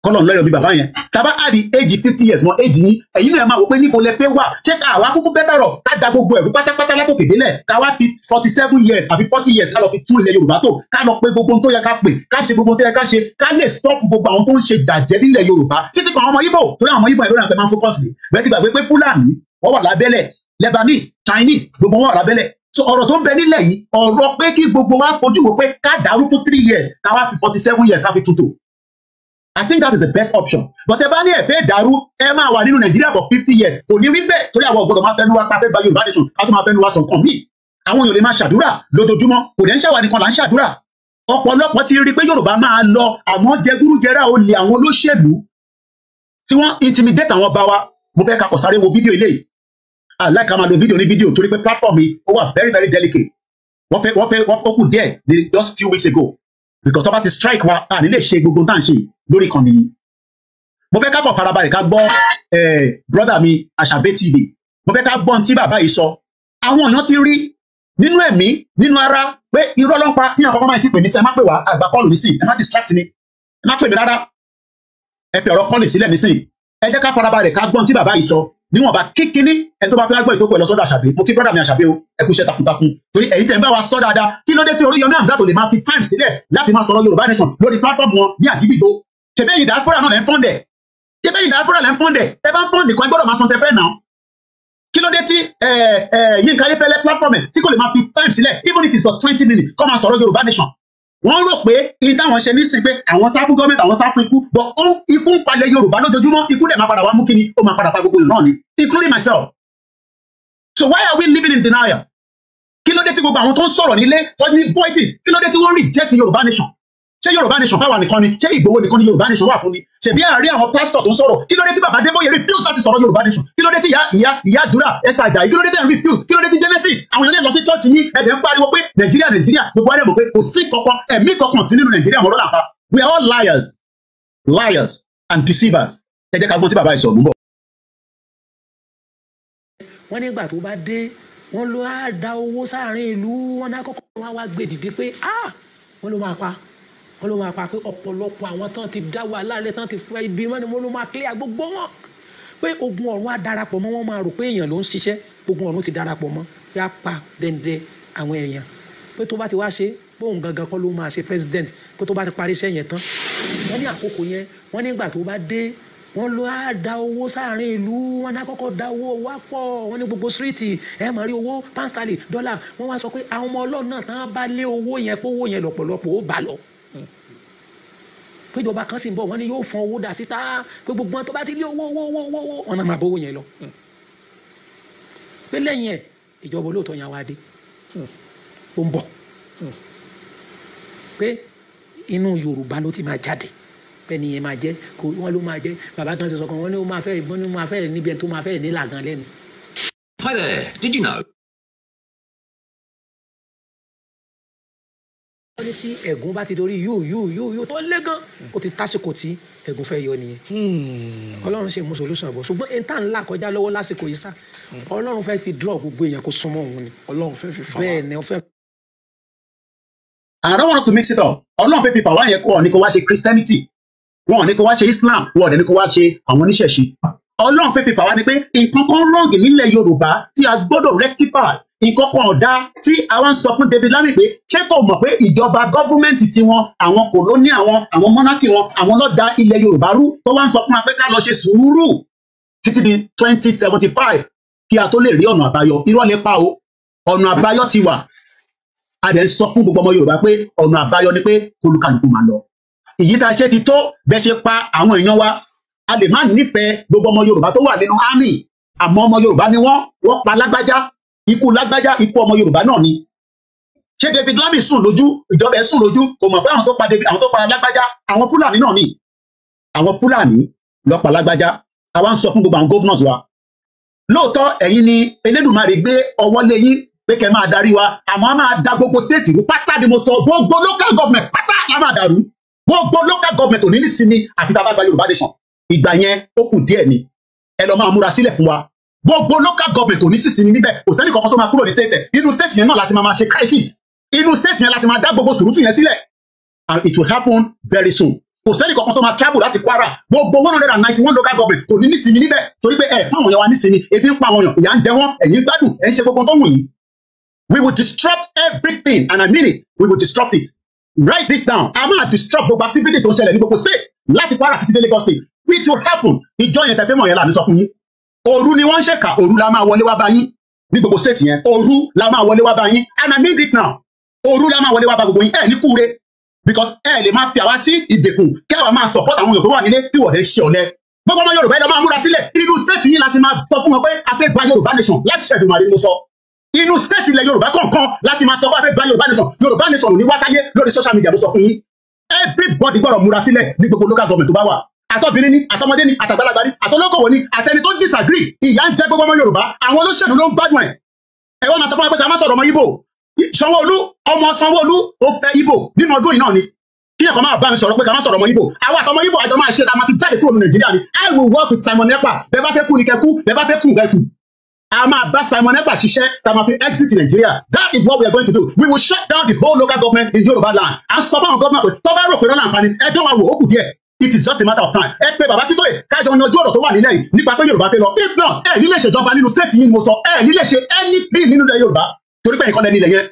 kọ́lọ̀ lọ́yọ̀ mi bàbá yẹn taba add éjì fifty years mọ éjì yín ẹ̀yin náà máa wò pé níbo lẹ fẹ́ wà ṣé ká àwa kúkú bẹ́tà rọ̀ ká da gbogbo ẹ̀rú pátápátá látòkè délẹ̀ ká wá fi forty seven years àbí forty years ká lọ fi tún ilẹ̀ Yorùbá tó ká lọ pé gbogbo tó yẹ ká pè ká ṣe gbogbo tó yẹ ká ṣe ká lè stop gbogbo àwọn tó ń ṣe dàjẹ́ nílẹ̀ Yorùbá títí kan ọmọ Ìgbò torí àwọn ọmọ Ìgbò ìlú náà fẹ́ máa focus lé bẹ́ẹ̀ ti gbàgbé pé Fúlàní wọ́n wà lábẹ́lẹ̀ Lebanese Chinese gbogbo wọn wà lábẹ́lẹ̀ so ọ̀rọ̀ tó ń bẹ nílẹ̀ yìí ọ̀rọ̀ pé kí gbogbo wa fojú wo pé ká dàrú fún three years ká wá fi forty seven years ká fi tutù I think that is the best option but ẹ bá ní ẹ̀fẹ́ dàrú ẹ máa wà nínú Nàìjíríà for fifty years kò ní rí bẹ́ẹ̀ torí àwọn ọ̀gbọ́dọ̀ máa fẹ́nu wa pa fẹ́ gba Yorùbá nation ká tún máa fẹ́nu wa sọ nǹkan míì àwọn èèyàn lè máa ṣàdúrà lójoojúmọ́ kò dẹ́ ń ṣàwà nìkan là ń ṣàdúrà ọ̀pọ̀lọpọ̀ ti rí pé Yorùbá máa lọ àmọ́ jẹgúrújẹrá olè àwọn olóṣèlú tí wọ́n intimidate àwọn ọba wa mo fẹ́ kakọ̀ sáré wo fídíò eléyìí aláìka máa lo fídíò ní fídíò torí pé platform mi ó wà very very delicate wọ́n fẹ́ wọ́n fẹ́ wọ́n ó kù díẹ̀ ní just few weeks ago because tọ́ba ti strike wa a nílé ṣe gbogbo tá à ń ṣe lórí ìkànnì yìí mo fẹ́ ká fọ̀ farabalẹ̀ ká gbọ́ brother mi àṣàbẹ́ tv mo fẹ́ ká gbọ́n tí bàbá yìí sọ àwọn èèyàn ti rí nínú ẹ̀mí nínú ara pé irọ́ ló ń pa kí ọkọ̀ máa ti pè mí sẹ́ ẹ má pè wá àgbà kọ́ọ̀lù mi sí ẹ má distract mi ẹ má pè mí rárá ẹ fi ọ̀rọ̀ kọ́ọ̀lù sílẹ̀ mi sí ẹ jẹ́ ká farabalẹ̀ ká gbọ́n tí bàbá yìí sọ níwọ̀nba kékeré ẹni tó bá fẹ́ gbọ́ ìtókò ẹ̀ lọ sọ́dọ̀ àṣàbí mo kí brọ́dà mi àṣàbí o ẹ kú iṣẹ́ takuntakun torí ẹ̀yin tẹ̀ ń bá wa sọ dáadáa kí ló dé tí Oríyọmí Hamzat ò lè máa fi time sílẹ̀ láti máa sọ̀rọ̀ Yorùbá nation lórí platform wọn ní àgídìgbò ṣẹbẹ́yìn diaspora náà lẹ́ ń fọ́ndẹ̀ ṣẹbẹ́yìn diaspora lẹ́ ń fọ́ndẹ̀ ẹ bá ń fọ́n nìkan gbọ́dọ̀ máa san tẹfẹ́ kí ló dé tí Yínká Ayéfẹ́lẹ́ platform ẹ̀ tí kò lè máa fi time sílẹ̀ even if it's for twenty minutes kọ́ máa sọ̀rọ̀ Yorùbá nation wọ́n rò pé ibi táwọn ṣe ní sin pé àwọn sá fún gọ́ọ̀mẹ̀ntì àwọn sá fún ikú bọ̀ ó ikú ń palẹ̀ yorùbá lójoojúmọ́ ikú dẹ̀ máa padà wá mú kí ni ó máa padà pa gbogbo ìran ni including myself so why are we living in denial kí ló dé tí gbogbo àwọn tó ń sọ̀rọ̀ nílé tó ní voices kí ló dé tí wọ́n reject yorùbá nation ṣé yorùbá nation fáwọn nìkan ni ṣé ìgbòho nìkan ni yorùbá nation wà fún ni ṣèbí àárín àwọn pásítọ̀ tó ń sọ̀rọ̀ kí ló dé tí bàbá adébóyè refuse láti sọ̀rọ̀ yorùbá nation kí ló dé tí ìyá ìyá ìyá àdúrà ẹsẹ̀ àjà kí ló dé tí ẹ̀ refuse kí ló dé tí genesis àwọn ènìyàn lọ sí church yín ẹ̀dẹ̀ ń pariwo pé nàìjíríà nàìjíríà gbogbo ààrẹ mọ̀ pé kò sí kankan ẹ̀mí kankan sí nínú nàìjíríà wọn lọ́la pa we are and deceivers ẹ jẹ́ ká gbọ́ tí bàbá ìṣọ̀ mú bọ̀. wọ́n nígbà tó bá dé wọ́n ló á da owó sáàrin ìlú wọn náà kọ́kọ́ wá wá gbèdìdí pé ah wọ́n ló máa pa wọ́n ló máa pa pé ọ̀pọ̀lọpọ̀ àwọn tán ti dá wa láàrẹ tán ti fẹ́ ibi wọn ni wọ́n ló máa clear gbogbo wọn pé ogun ọ̀run á darapọ̀ mọ́ wọ́n máa rò pé èèyàn ló ń ṣiṣẹ́ ogun ọ̀run ti darapọ̀ mọ́ pé á pa dẹ́ndẹ́ àwọn èèyàn pé tó bá ti wá ṣe pé òun gangan kọ́ ló máa ṣe president pé tó bá ti parí iṣẹ́ yẹn tán wọ́n ní àkókò yẹn wọ́n nígbà tó bá dé wọ́n lọ á da owó sáàrin ìlú wọ́n á kọ́kọ́ da owó wá pọ̀ wọ́n ní gbogbo síríìtì ẹ máa rí owó pánstálì dọ́là wọ́n wá sọ pé àwọn ọmọ ọlọ́run náà tán bá lé owó yẹn pé owó yẹn lọ́pọ̀lọpọ̀ ó bá lọ péjọba kan sì ń bọ̀ wọ́n ní yóò fọn owó dà síta pé gbogbo wọn tó bá ti lé owó owó owó owó wọn náà máa bówó yẹn lọ hmm. pé lẹ́yìn ẹ̀ ìjọba olóòótọ́ yẹn wá dé hmm. ó ń bọ̀ hmm. pé inú Yorùbá ló ti máa jáde bẹ́ẹ̀ni yẹn máa jẹ́ kó wọ́n ló máa jẹ́ bàbá kan ṣe sọ kan wọ́n ní ó máa fẹ́ ìbọn ní ó máa fẹ́ níbi ẹni tó máa fẹ́ nílà gan lẹ́nu. Hi there, did you know? wọ́n ní tí ẹ̀gún bá ti dorí yóò yóò yóò yóò tó lé gan ó ti tásìkò tí ẹ̀gún fẹ́ yọ nìyẹn hmm. ọlọ́run ṣe mú solution ṣùgbọ́n ẹ̀ńtà ńlá kọjá lọ́wọ́ lásìkò yìí sá ọlọ́run fẹ́ fi draw gbogbo èèyàn kó súnmọ́ òun ni ọlọ́run fẹ́ fi fa bẹ́ẹ̀ ni ó fẹ́. I don't want us to mix it up ọlọ́run fẹ́ fi fàwọn yẹn kó ọ̀ ní kó wá ṣe Christianity wọn ò ní kó wá ṣe Islam wọn ò ní kó wá ṣe àwọn oníṣẹ̀ṣe ọlọ́run fẹ́ fi fàwọn ni pé nǹkan kan wrong nílẹ̀ Yorùbá tí a gbọ́dọ̀ rectify nǹkan kan ọ̀dá tí àwa ń sọ fún David Lammy pé ṣé kò mọ̀ pé ìjọba gọ́fúmẹ̀ntì tiwọn àwọn kòlóní àwọn àwọn mọ́nákì wọn àwọn ló da ilẹ̀ Yorùbá rú tó wá ń sọ fún wa pé ká lọ ṣe sùúrù títí di twenty seventy five kí a tó lè rí ọ̀nà àbáyọ irọ́ lè pa o ọ̀nà àbáyọ ti wà a dẹ̀ ń sọ fún gbogbo ọmọ Yorùbá pé ọ̀nà àbáyọ ni pé kólúkàlùkù máa lọ ìyí tá a ṣe ti tó bẹ́ẹ̀ ṣe pa àwọn èèyàn wa a lè má nífẹ̀ẹ́ gbogbo ọmọ Yorùbá tó wà nínú army àmọ́ ọmọ Yorùbá ni wọ́n wọ́n pa lágbájá ikú lágbájá ikú ọmọ yorùbá náà ni ṣé david lami sùn lójú ìjọba ẹ sùn lójú kò mọ̀ pé àwọn tó pa david àwọn tó pa lágbájá àwọn fúlàní náà ni àwọn fúlàní ló pa lágbájá àwa ń sọ fún gbogbo àwọn governors wa lóòótọ́ ẹ̀yin ni elédùnmarè gbé ọwọ́ lé yín pé kẹ́ máa darí wa àmọ́ a máa da gbogbo stéètì rú pátá ni mo sọ gbogbo local government pátá la máa dàrú gbogbo local government ò ní nísinmi àti tá a bá gba yorùbá nation ìgbà yẹn ó kù díẹ̀ ni ẹ lọ máa múra sílẹ̀ fún wa gbogbo local government kò ní sísìn níbẹ̀ kò sẹ́ni kankan tó máa kúrò ní state ẹ̀ inú state yẹn náà láti máa ṣe crisis inú state yẹn láti máa dá gbogbo sùúrùtù yẹn sílẹ̀ and it will happen very soon kò sẹ́ni kankan tó máa travel láti Kwara gbogbo one hundred and ninety one local government kò ní nísìnyí níbẹ̀ torí pé ẹ̀ pàwọn yẹn wa nísìnyí ebi ń pàwọn yàn ìyà ń jẹ wọ́n ẹ̀yìn gbádùn ẹ̀ ń ṣe gbogbo tó wù yín we will disrupt everything and I mean it we will disrupt it write this down a máa disrupt gbogbo activities tó ń ṣẹlẹ̀ ní gbogbo state láti Kwara títí dé Lagos state which will happen ìjọ yẹn tẹ̀fẹ́ mọ̀ Oru ni wọ́n ń ṣèkà òru la máa wọlé wá bá yín ní gbogbo state yẹn òru la máa wọlé wá bá yín and I mean this now Oru la máa wọlé wá bá gbogbo yín ẹ ní kúure because ẹ lè máa fi àwa sí ìgbèkùn kí máa support àwọn èèyàn tó wà nílé tí wọ́n lè ṣe ọ̀lẹ gbogbo ọmọ yorùbá ẹ lọ máa múra sílẹ̀ inú state yín láti máa sọ fún wọn pé a fẹ́ gba yorùbá nation láti ṣẹ̀dùn àrí mo sọ inú state ilẹ̀ yorùbá kọ̀ọ̀kan láti máa sọ pé a fẹ́ gba yorùbá nation yorùbá nation ò ní wá sáyé lórí social media mo sọ fún yín everybody gbọ́dọ̀ múra sílẹ̀ ní gbogbo local government tó bá wà àtọbìnrin ni àtọmọdé ni àtàgbàlagbà ni àtọlókòwò ni àtẹni tó disagree ìyá ń jẹ gbogbo ọmọ yorùbá àwọn olóṣèlú ló ń gbádùn ẹ ẹ wọn máa sọ fún wa pé ká má sọ̀rọ̀ ọmọ ibo sanwóolu ọmọ sanwóolu ó fẹ́ ibo nínú ọdún yìí náà ni kí ẹ̀kọ́ máa bá mi sọ̀rọ̀ pé ká má sọ̀rọ̀ ọmọ Ìbò àwọn àtọmọ Ìbò àjọ máa ṣe dàmà jáde kúrò ní Nàìjíríà ni I will work with Simon Ekpa bẹ́ẹ̀ bá fẹ́ kú ni kẹ́kú bẹ́ẹ̀ bá fẹ́ kú nǹkan ẹ̀kú. a máa bá Simon Ekpa ṣiṣẹ́ tá a máa fi exit Nàìjíríà that is what we are going to do we will shut down the whole local government in Yorùbá land and sọ fáwọn gọ́ọ̀mọ̀ pé tọ́ bá rò pé lọ́nà àǹfààní ẹjọ́ wa wò ó kù díẹ̀ it is just a matter of time ẹ pé bàbá Akíntóyè kájọ yanjú ọ̀rọ̀ tó wà nílẹ̀ yìí nípa pé yorùbá pé lọ if not ẹ nílé ṣèjọba nínú state yìí ni mo sọ ẹ nílé ṣe anything nínú ilẹ̀ yorùbá torí pé nǹkan lẹ́ni ilẹ̀ yẹn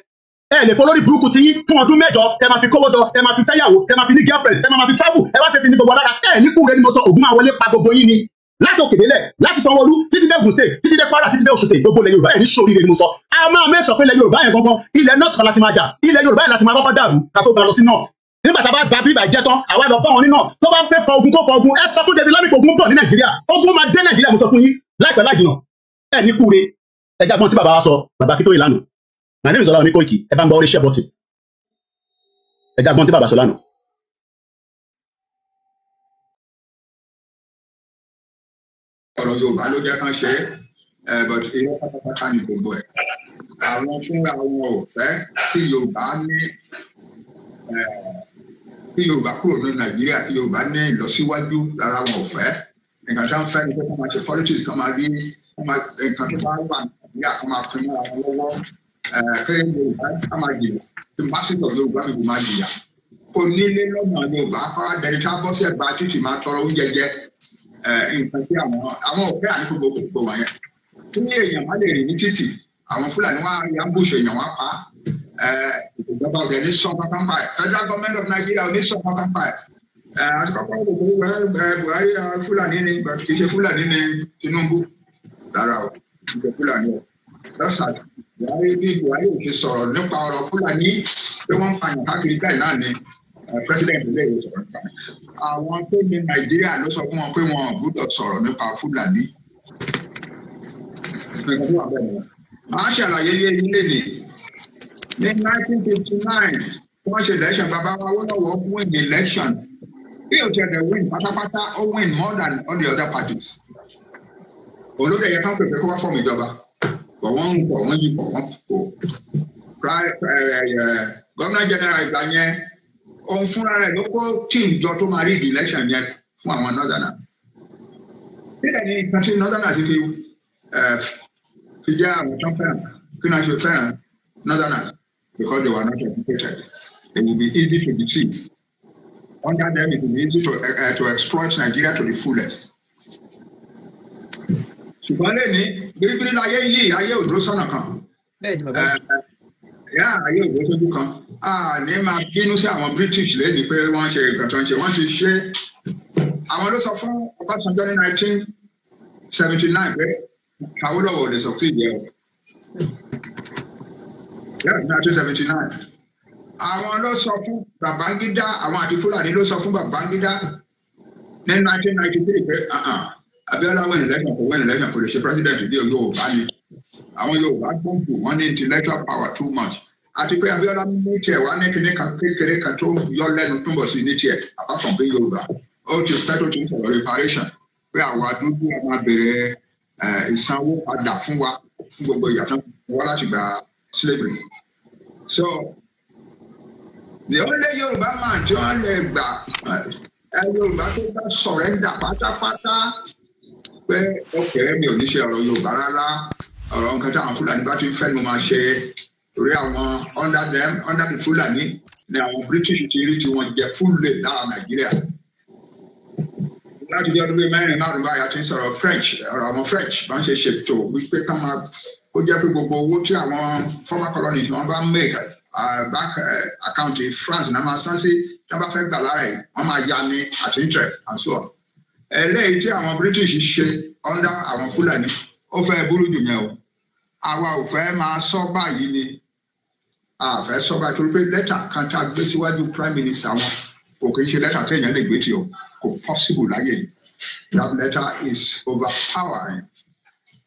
ẹ lè fọ lórí burúkú ti yín fún ọdún mẹ́jọ ẹ máa fi kówó jọ ẹ máa fi táyàwó ẹ máa fi ní girlfriend ẹ máa fi travel ẹ wá fẹ́ fi ní gbogbo alára ẹ ní kúrò ni mo sọ ògùn máa wọlé pa gbogbo yín ni láti òkè délẹ̀ nígbà tá a bá ba bíbà jẹ tán àwa lọ bá wọn nínà tó bá fẹ́ fa ogun kó fa ogun ẹ sọ fún David Lamid ogun bọ̀ ní Nàìjíríà ogun máa dé Nàìjíríà mo sọ fún yín láìpẹ́ lájìnà ẹ ní kúre ẹ jágbọ́n tí bàbá wa sọ bàbá kí tó yìí lánàá my name is Ọláwọmí Kóìkì ẹ bá ń gba orí iṣẹ́ bọ́tì ẹ jágbọ́n tí bàbá sọ lánàá. ọ̀rọ̀ Yorùbá ló jẹ́ kán ṣe é but irọ́ pátápátá ni gbogbo ẹ̀ àwọn fúnra wọn ò fẹ́ kí Yorùbá ní kí yorùbá kúrò ní nàìjíríà kí yorùbá ní ìlọsíwájú lára wọn ò fẹ́ nǹkan tó ń fẹ́ ni pé kó máa ṣe politics kó máa rí nǹkan tó bá wà nàìjíríà kó máa fi mọ́ àwọn lọ́wọ́ eh, kí yorùbá ká máa jìyà kí másìkò yorùbá mi kò máa jìyà kó nílé lọ́nà yorùbá kó adẹni ká bọ́ sí ẹ̀bá títì máa tọrọ oúnjẹ jẹ eh, nǹkan tí àwọn àwọn òfẹ́ àníkó gbogbo kí èèyàn má lè rìn ní títì àwọn fúlàní wọn á yà ń bùṣe ìjọba ọ̀gẹ̀ ní sọ pápán báyìí federal government of Nigeria ní sọ pápán báyìí àtikọ́kọ́ Buhari Fúlàní ni kì í ṣe Fúlàní ni Tinubu rárá o kì í ṣe Fúlàní o lọ́sàn-án Buhari bí Buhari ò ṣe sọ̀rọ̀ nípa ọ̀rọ̀ Fúlàní pé wọ́n ń pààyàn káàkiri báyìí náà ni president ilé ìwé sọ̀rọ̀ nípa àwọn tó ní Nàìjíríà ló sọ fún wọn pé wọn ò gbúdọ̀ sọ̀rọ̀ nípa Fúlàní. a ṣàlàyé ilé ilé nìyí ní nineteen fifty wọ́n ṣe election bàbá wa Awólọ́wọ̀ win election bí o ṣe lè win pátápátá ó win more than all the other parties olóde yẹ káwọn pèpè kó wá fọ́ọ̀mù ìjọba bọ̀ wọ́n ń pọ̀ wọ́n yí pọ̀ wọ́n pọ̀ eh, eh, gọ́mìnà general ìgbà yẹn òun fúnra rẹ̀ ló kó tíì jọ tó máa rí ìdí election yẹn fún àwọn northern bẹ́ẹ̀ ni kàtí northern àti fi eh, fi jẹ́ àwọn tó fẹ́ràn kí náà ṣe fẹ́ràn northern because they were not educated. It will be easy to deceive. Under them, it will be easy to, uh, to exploit Nigeria to the fullest. ṣùgbọ́n lẹ́ni bíbélì láyé yìí ayé òdúró sọ́nà kan ẹ̀yà eh, ayé òdúró sójú kan a ní máa bínú sí àwọn British lẹ́ni pé wọ́n ṣe nǹkan tó ń ṣe wọ́n ti ṣe àwọn ló sọ fún Ọbásanjọ́ ní nineteen seventy nine pé Awólọ́wọ̀ lè sọ sí ìdí ẹ̀ 1979 àwọn ló sọ fún Babangida àwọn àti Fúlàní ló sọ fún Babangida ní 1993 pé Abiola wẹ̀ election kò wẹ̀ election kò lè ṣe president bí Yorùbá ni àwọn Yorùbá gbòǹgbò wọn ní intellectual power too much àti pé Abiola mú tiẹ̀ wá ní kíní kan kékeré kan tó yọ lẹ́nu túnbọ̀ sí ní tiẹ̀ àbáfọ̀n pé Yorùbá ó ti pẹ́ tó ti ń sọ̀rọ̀ reparation pé àwa dúdú a máa bẹ̀rẹ̀ eh, ìsanwó padà fún wa fún gbogbo ìyàtọ̀ wọn láti gba slavery. So the only Yorùbá man tí wọ́n lè gbà ẹ Yorùbá tó bá sọ̀rẹ́ndà pátápátá pé ọkẹ́rẹ́ mi ò ní ṣe ọ̀rọ̀ Yorùbá rárá ọ̀rọ̀ nǹkan táwọn Fúlàní bá ti fẹ́ ni mo máa ṣe torí àwọn under them under the Fúlàní ni àwọn British ti rí tiwọn jẹ fúlẹ̀ lára Nàìjíríà láti bí ọdún bíi mẹ́rin márùn-ún báyìí a ń sọ̀rọ̀ French ọ̀rọ̀ àwọn French bá ń ṣe ṣètò wípé ká máa ó jẹ́ pé gbogbo owó tí àwọn former colonies wọn bá make bank account in France náà máa san sí tí wọ́n bá fẹ́ gbà lára ẹ̀ wọ́n máa ya ní at interest and so on. eléyìí tí àwọn British ṣe under àwọn Fúlàní ó fẹ́ burú jù yẹn o àwa ò fẹ́ máa sọ báyìí ni àfẹ́ sọ báyìí torí pé lẹ́tà kan tá a gbé síwájú prime minister wọn kò kì í ṣe lẹ́tà téèyàn lè gbé tì o kò possible láyé yìí that letter is overpowering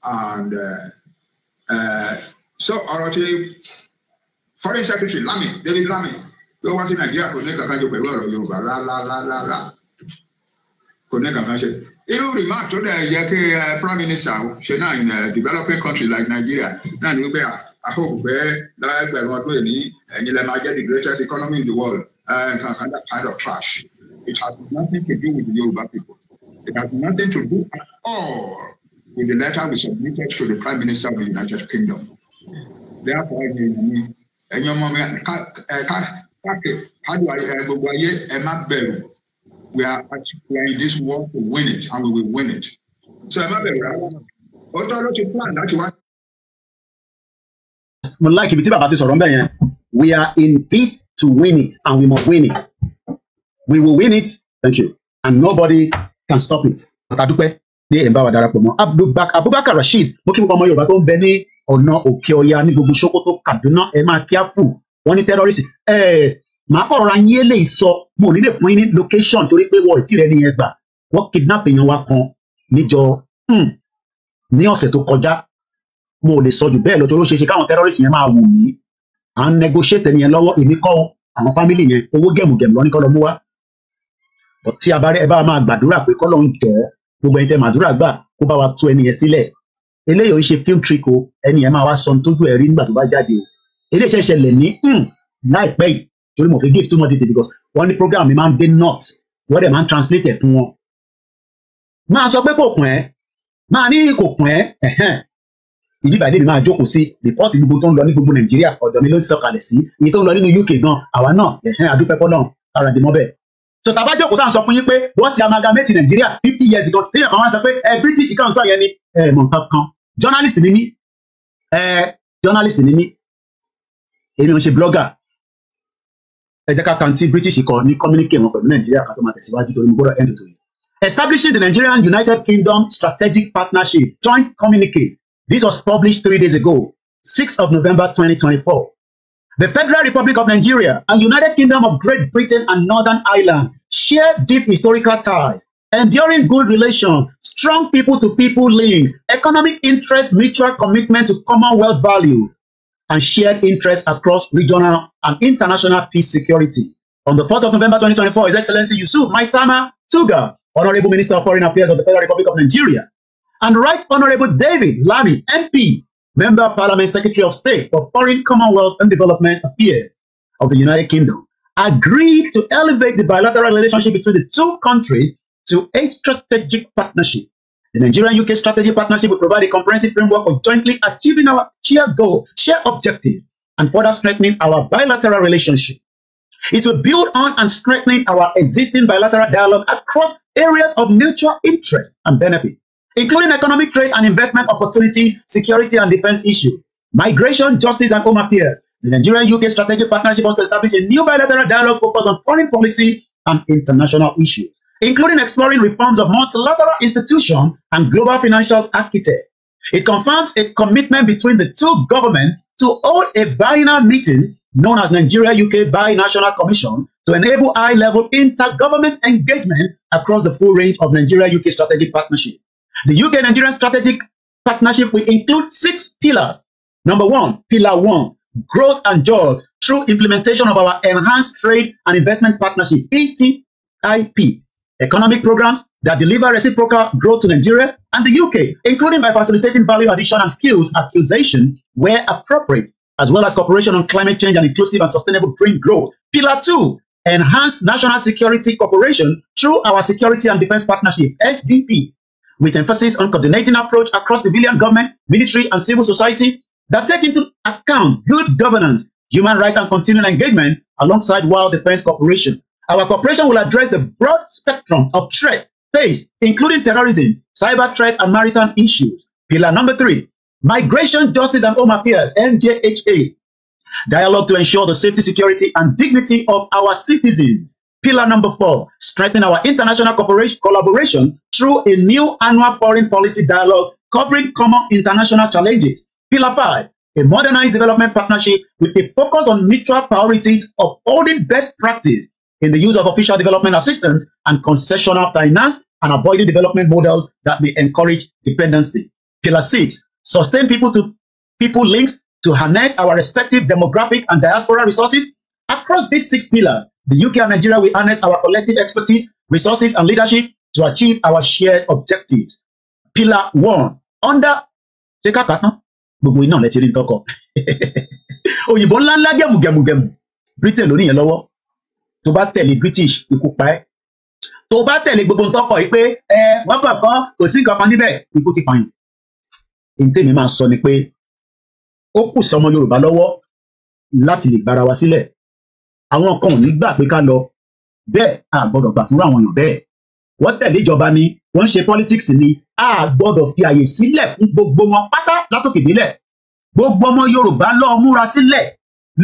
and. Uh, Uh, so ọ̀rọ̀ ti foreign secretary Lami David Lami tó wá sí Nàìjíríà kò ní kankan ṣe pẹ̀lú ọ̀rọ̀ Yorùbá rárá kò ní kankan ṣe irú remark tó dẹ̀ yẹ kí uh, prime minister ṣe náà in a uh, developing country like Nigeria náà ní wípé àhóògbé ah, lágbẹ̀rún ọdún èní ẹ̀yin lẹ́ máa jẹ́ the greatest economy in the world nǹkan kan that kind of trash it has nothing to do with the Yorùbá people it has nothing to do at all With the letter be submitted to the Prime Minister of the United Kingdom. Therefore, I ọmọ mi káàkiri hadu gbogbo ayé ẹ má bẹ̀rù we are actually in this war to win it and we will win it. So ẹ má bẹ̀rù rárá. Ọjọ́ ló ti plan láti wá. Mo láì kìbi tí bàbá ti We are in this to win it and we must win it. We will win it. Thank you. And nobody can stop it. Bàtà dúpẹ́ pé ẹ̀ ń bá wa darapọ̀ mọ́ Abubakar Rasheed mo kí gbogbo ọmọ Yorùbá tó ń bẹ ní ọ̀nà òkè ọya ní gbogbo Sokoto Kaduna ẹ máa kí á fù wọ́n ní terrorist ẹ̀ màá kọ̀ rọra yín eléyìí sọ mo ní lè pín ní location torí pé wọ́n ìtì rẹ nìyẹn gbà wọ́n kidnap èèyàn wa kan níjọ hmm, ní ọ̀sẹ̀ tó kọjá mo lè sọ jù bẹ́ẹ̀ lọ́jọ́ ló káwọn terrorist yẹn máa wù mí à ń negotiate yẹn lọ́wọ́ èmi kọ́ àwọn family yẹn owó gẹ̀mùgẹ̀mù lọ́ní kọ́ lọ mú wá tí a bá rí ẹ bá máa gbàdúrà pé kọ́ lọ́n jọ̀ọ́ gbogbo ẹni tẹ màdúrà gbà kó bá wa tú ẹni yẹn sílẹ̀ eléyìí ò ń ṣe film trick o ẹni yẹn máa wá sọ tójú ẹ rí nígbà tó bá jáde o eléyìí ṣẹ̀ṣẹ̀lẹ̀ ní hmm, láìpẹ́ yìí torí mo fi give too much detail because wọ́n ní program mi máa ń dé north wọ́n dẹ̀ máa ń translate ẹ̀ fún wọn. máa sọ pé kò kùn ẹ́ máa ní kò kùn ẹ́ ẹ̀hẹ́n ìdí ìbàdí mi máa jókòó sí rìpọ́ọ̀tì gbogbo tó ń lọ ní gbogbo nàìjíríà ọ̀dọ̀ mi ló ti sọ̀kalẹ̀ sí iye tó ń lọ nínú UK gan àwa náà ẹ̀hẹ́n adúpẹ́ fọlọ́run ara dì mọ́ bẹ́ẹ̀ so tàbá jókòó tá à ń sọ fún yín pé wọ́n ti amalgamate Nigeria fifty years ago téèyàn kan wá sọ pé ẹ british kan sọ yẹn ni ẹ mọ̀ nǹkan kan journalist ni mí ẹ journalist ni mí èmi ò ṣe blogger ẹ jẹ́ ká kan tí british kọ ní communicate wọn pẹ̀lú nàìjíríà kan tó máa tẹ̀síwájú torí mo gbọ́dọ̀ end to it establishing the nigerian united kingdom strategic partnership joint communique this was published three days ago six of november twenty twenty four The Federal Republic of Nigeria and United Kingdom of Great Britain and Northern Ireland share deep historical ties, enduring good relations, strong people-to-people -people links, economic interests, mutual commitment to Commonwealth values, and shared interests across regional and international peace security. On the 4th of November 2024, His Excellency Yusuf Maitama Tuga, Honorable Minister of Foreign Affairs of the Federal Republic of Nigeria, and Right Honorable David Lami, MP Member of Parliament, Secretary of State for Foreign Commonwealth and Development Affairs of the United Kingdom, agreed to elevate the bilateral relationship between the two countries to a strategic partnership. The Nigerian UK Strategy partnership will provide a comprehensive framework for jointly achieving our shared goal, shared objective, and further strengthening our bilateral relationship. It will build on and strengthen our existing bilateral dialogue across areas of mutual interest and benefit. including economic trade and investment opportunities, security and defense issues, migration, justice, and home affairs. The Nigerian-UK strategic partnership was to establish a new bilateral dialogue focused on foreign policy and international issues, including exploring reforms of multilateral institutions and global financial architecture. It confirms a commitment between the two governments to hold a biennial meeting known as Nigeria-UK Bi-National Commission to enable high-level intergovernment engagement across the full range of Nigeria-UK strategic partnership. The UK Nigerian strategic partnership will include six pillars. Number one, pillar one, growth and jobs through implementation of our enhanced trade and investment partnership, ETIP, economic programs that deliver reciprocal growth to Nigeria and the UK, including by facilitating value addition and skills acquisition where appropriate, as well as cooperation on climate change and inclusive and sustainable green growth. Pillar two, enhanced national security cooperation through our security and defense partnership, SDP, with emphasis on coordinating approach across civilian government, military, and civil society that take into account good governance, human rights, and continuing engagement alongside World Defense cooperation, Our cooperation will address the broad spectrum of threats faced, including terrorism, cyber threat, and maritime issues. Pillar number three, Migration, Justice, and Home Affairs, (NJHA). Dialogue to ensure the safety, security, and dignity of our citizens. Pillar number four, strengthen our international collaboration through a new annual foreign policy dialogue covering common international challenges. Pillar five, a modernized development partnership with a focus on mutual priorities of holding best practice in the use of official development assistance and concessional finance and avoiding development models that may encourage dependency. Pillar six, sustain people to people links to harness our respective demographic and diaspora resources. Across these six pillars, The UK and Nigeria will harness our collective expertise, resources, and leadership to achieve our shared objectives. Pillar one under ṣé kàkà tán gbogbo iná lẹ ti rí ntọkọ òyìnbó ńláńlá gẹmùgẹmùgẹmù Britain ló níyẹn lọ́wọ́ tó bá tẹ̀lé British ikú pa ẹ́ tó bá tẹ̀lé gbogbo ntọkọ yìí pé ẹ wọn kàn kọ kò sí nǹkan kan níbẹ̀ ikú ti pààyàn ntẹ̀mí máa sọ ni pé ó kù sọmọ Yorùbá lọ́wọ́ láti lè gbára wa sílẹ̀ àwọn kan ò ní gbà pé ká lọ bẹ́ẹ̀ a gbọ́dọ̀ gbà fúnra àwọn èèyàn bẹ́ẹ̀ wọ́n tẹ̀lé ìjọba ni wọ́n ń ṣe politics ni a gbọ́dọ̀ fi àyè sílẹ̀ fún gbogbo wọn pátá látòkè délẹ̀ gbogbo ọmọ Yorùbá lọ múra sílẹ̀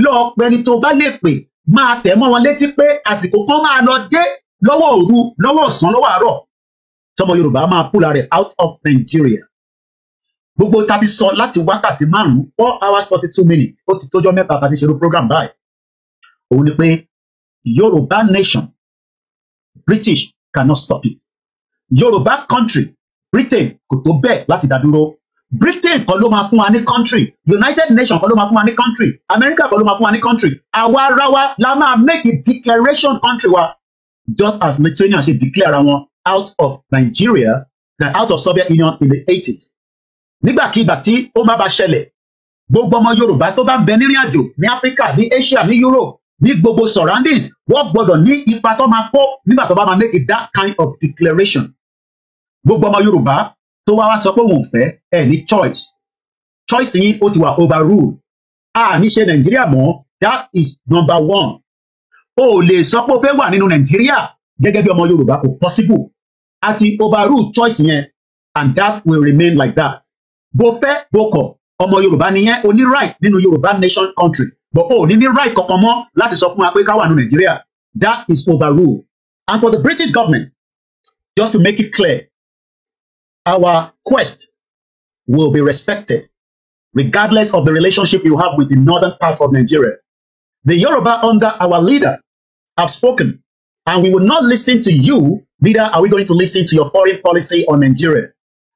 lọ pẹni tó bá lè pè máa tẹ̀ mọ́ wọn létí pé àsìkò kan máa lọ dé lọ́wọ́ òru lọ́wọ́ ọ̀sán lọ́wọ́ àárọ̀ tọmọ Yorùbá máa pull rẹ̀ out of Nigeria gbogbo ta ti sọ láti wákàtí márùn-ún four hours forty two minutes ó ti tójọ́ mẹ́ta ta ti ṣerú program báyìí òun ni pé yorùbá nation british cannot stop it yorùbá country britain kò tó bẹ́ẹ̀ láti dá dúró britain kan ló máa fún wa ní country united nations kan ló máa fún wa ní country america kan ló máa fún wa ní country àwa ara wa la máa make a declaration country wa just as Lithuania ṣe declare ara wọn out of Nigeria and out of Soviet Union in the eighties. nígbàkigbà tí ó má bá ṣẹlẹ̀ gbogbo ọmọ Yorùbá tó bá ń bẹ nírìn àjò ní Áfíríkà ní Asia ní Europe ní gbogbo surroundings wọ́n gbọ́dọ̀ ní ipa tó máa kó nígbà tó bá máa make that kind of declaration gbogbo ọmọ Yorùbá tó wá wá sọ pé òun fẹ́ ẹ̀ ní choice choice yín ó ti wà overruled a ní ṣe Nàìjíríà mọ́ that is number one o ò lè sọ pé o fẹ́ wà nínú Nàìjíríà gẹ́gẹ́ bí ọmọ Yorùbá kò possible àti overrule choice yẹn and that will remain like that bó fẹ́ bó kọ̀ ọmọ Yorùbá nìyẹn o ní right nínú Yorùbá nation country but oh, ní ní right kankan mọ́ láti sọ fún wa pé ká wà ní nàìjíríà that is overruled and for the british government just to make it clear our quest will be respected regardless of the relationship you have with the northern part of Nigeria. The Yoruba under our leader have spoken, and we will not listen to you, neither are we going to listen to your foreign policy on Nigeria.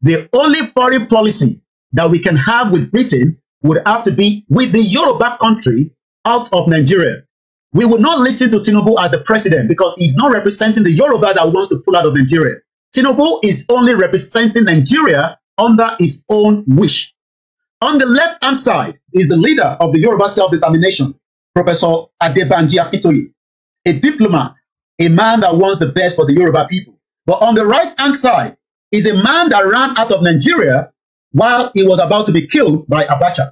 The only foreign policy that we can have with Britain would have to be with the Yoruba country out of Nigeria. We would not listen to Tinubu as the president because he's not representing the Yoruba that wants to pull out of Nigeria. Tinubu is only representing Nigeria under his own wish. On the left-hand side is the leader of the Yoruba self-determination, Professor Adebanji Akintoye, a diplomat, a man that wants the best for the Yoruba people. But on the right-hand side is a man that ran out of Nigeria while he was about to be killed by Abacha.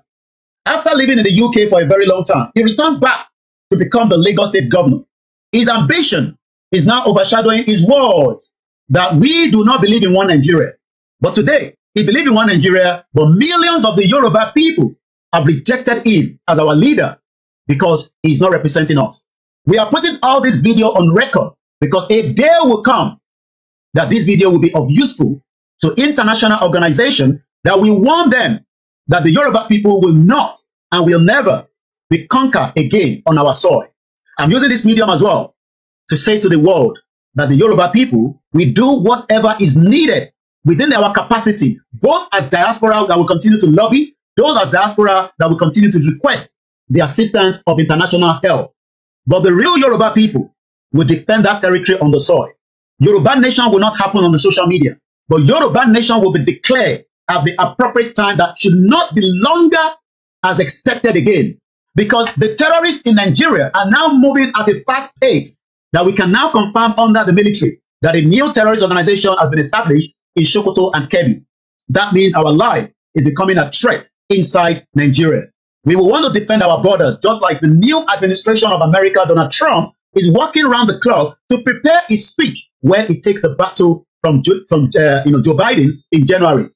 After living in the UK for a very long time, he returned back to become the Lagos state governor. His ambition is now overshadowing his words that we do not believe in one Nigeria. But today, he believes in one Nigeria, but millions of the Yoruba people have rejected him as our leader because he's not representing us. We are putting all this video on record because a day will come that this video will be of useful to international organisations that we warn them that the Yoruba people will not and will never be conquered again on our soil. I'm using this medium as well to say to the world that the Yoruba people, we do whatever is needed within our capacity, both as diaspora that will continue to lobby, those as diaspora that will continue to request the assistance of international help. But the real Yoruba people will defend that territory on the soil. Yoruba nation will not happen on the social media, but Yoruba nation will be declared at the appropriate time that should not be longer as expected again. Because the terrorists in Nigeria are now moving at a fast pace that we can now confirm under the military that a new terrorist organization has been established in Sokoto and Kebbi. That means our life is becoming a threat inside Nigeria. We will want to defend our borders, just like the new administration of America, Donald Trump, is working around the clock to prepare his speech when he takes the battle from, from uh, you know, Joe Biden in January.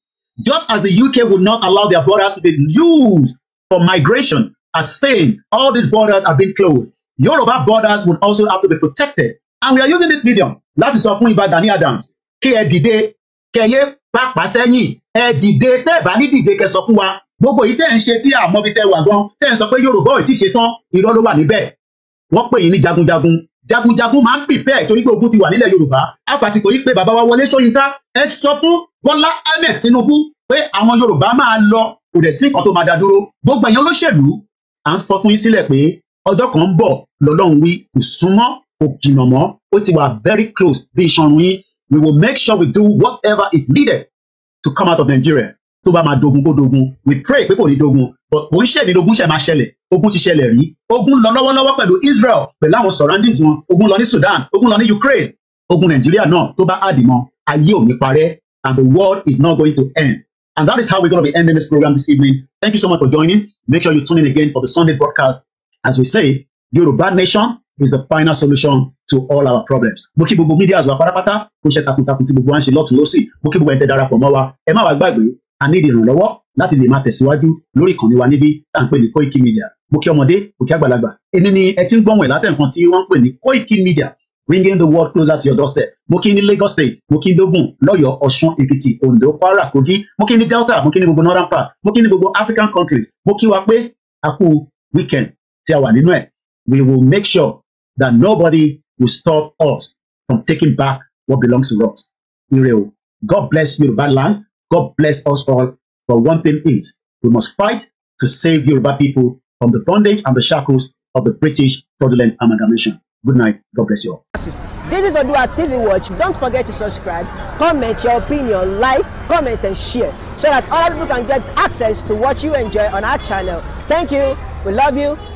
Just as the UK would not allow their borders to be used for migration, as Spain, all these borders have been closed. Yoruba borders would also have to be protected. And we are using this medium That is of Ìbà Gani Adams kí ẹ dìde kẹyẹ pàápàá sẹ́yìn ẹ dìde tẹ́ ẹ bá ní dìde kẹ́ sọ fún wa gbogbo yìí tẹ́ ẹ ń ṣe tí jagunjagun máa ń prepare torí pé ogun ti wà nílẹ̀ yorùbá àfàsìkò yìí pé bàbá wa wọlé ṣóyinká ẹ sọ fún bọ́lá ahmed tinubu pé àwọn yorùbá máa lọ kò dẹ̀ sí nǹkan tó máa dá dúró gbogbo èèyàn olóṣèlú à ń fọ fún yín sílẹ̀ pé ọjọ́ kan ń bọ̀ lọ́lọ́run wí kò súnmọ́ kò jìnnà mọ́ ó ti wà very close bí iṣan run yín we will make sure we do whatever is needed to come out of nigeria tó bá máa dogun kó dogun we pray pé kò ní dogun but kò ń ṣèlè ogun ṣe máa ṣẹlẹ̀ ogun ti ṣẹlẹ̀ rí ogun lọ lọ́wọ́lọ́wọ́ pẹ̀lú Israel pẹ̀lú àwọn surroundings wọn ogun lọ ní Sudan ogun lọ ní Ukraine ogun Nàìjíríà náà tó bá àdìmọ́ ayé ò ní parẹ́ and the world is not going to end and that is how we're going to be ending this program this evening thank you so much for joining make sure you tune in again for the Sunday broadcast as we say Yoruba Nation is the final solution to all our problems. Mo kí gbogbo media àzọ̀ apárápátá kó ṣe takuntakun tí gbogbo wa ń ṣe lọ́tún lọ́sì. Mo kí gbogbo ẹ̀ tẹ́ darapọ̀ mọ́ wa. Ẹ má wá gbàgbé a ní ìrànlọ́wọ́ láti lè máa tẹ̀síwájú lórí ìkànnì wa níbí tá à ń pè ní Koiki Media mo kí ọmọdé mo kí àgbàlagbà èmi ni ẹ ti ń gbọ́n wẹ̀ látẹ̀kan tí wọ́n ń pè ní Koiki Media bringing the world closer to your doorstep mo kí ní Lagos state mo kí ní dogun lọ́yọ̀ Ọ̀ṣun Èkìtì Oǹdó Kwara Kogi mo kí ní Delta mo kí ní gbogbo northern part mo kí ní gbogbo African countries mo kí wa pé a weekend tí a wà nínú ẹ̀ we will make sure that nobody will stop us from taking back what belongs to us ire o God bless Yorùbá land God bless us all. But one thing is, we must fight to save Yoruba people from the bondage and the shackles of the British fraudulent amalgamation. Good night. God bless you all. This is Odua TV Watch. Don't forget to subscribe, comment your opinion, like, comment and share so that other people can get access to what you enjoy on our channel. Thank you. We love you.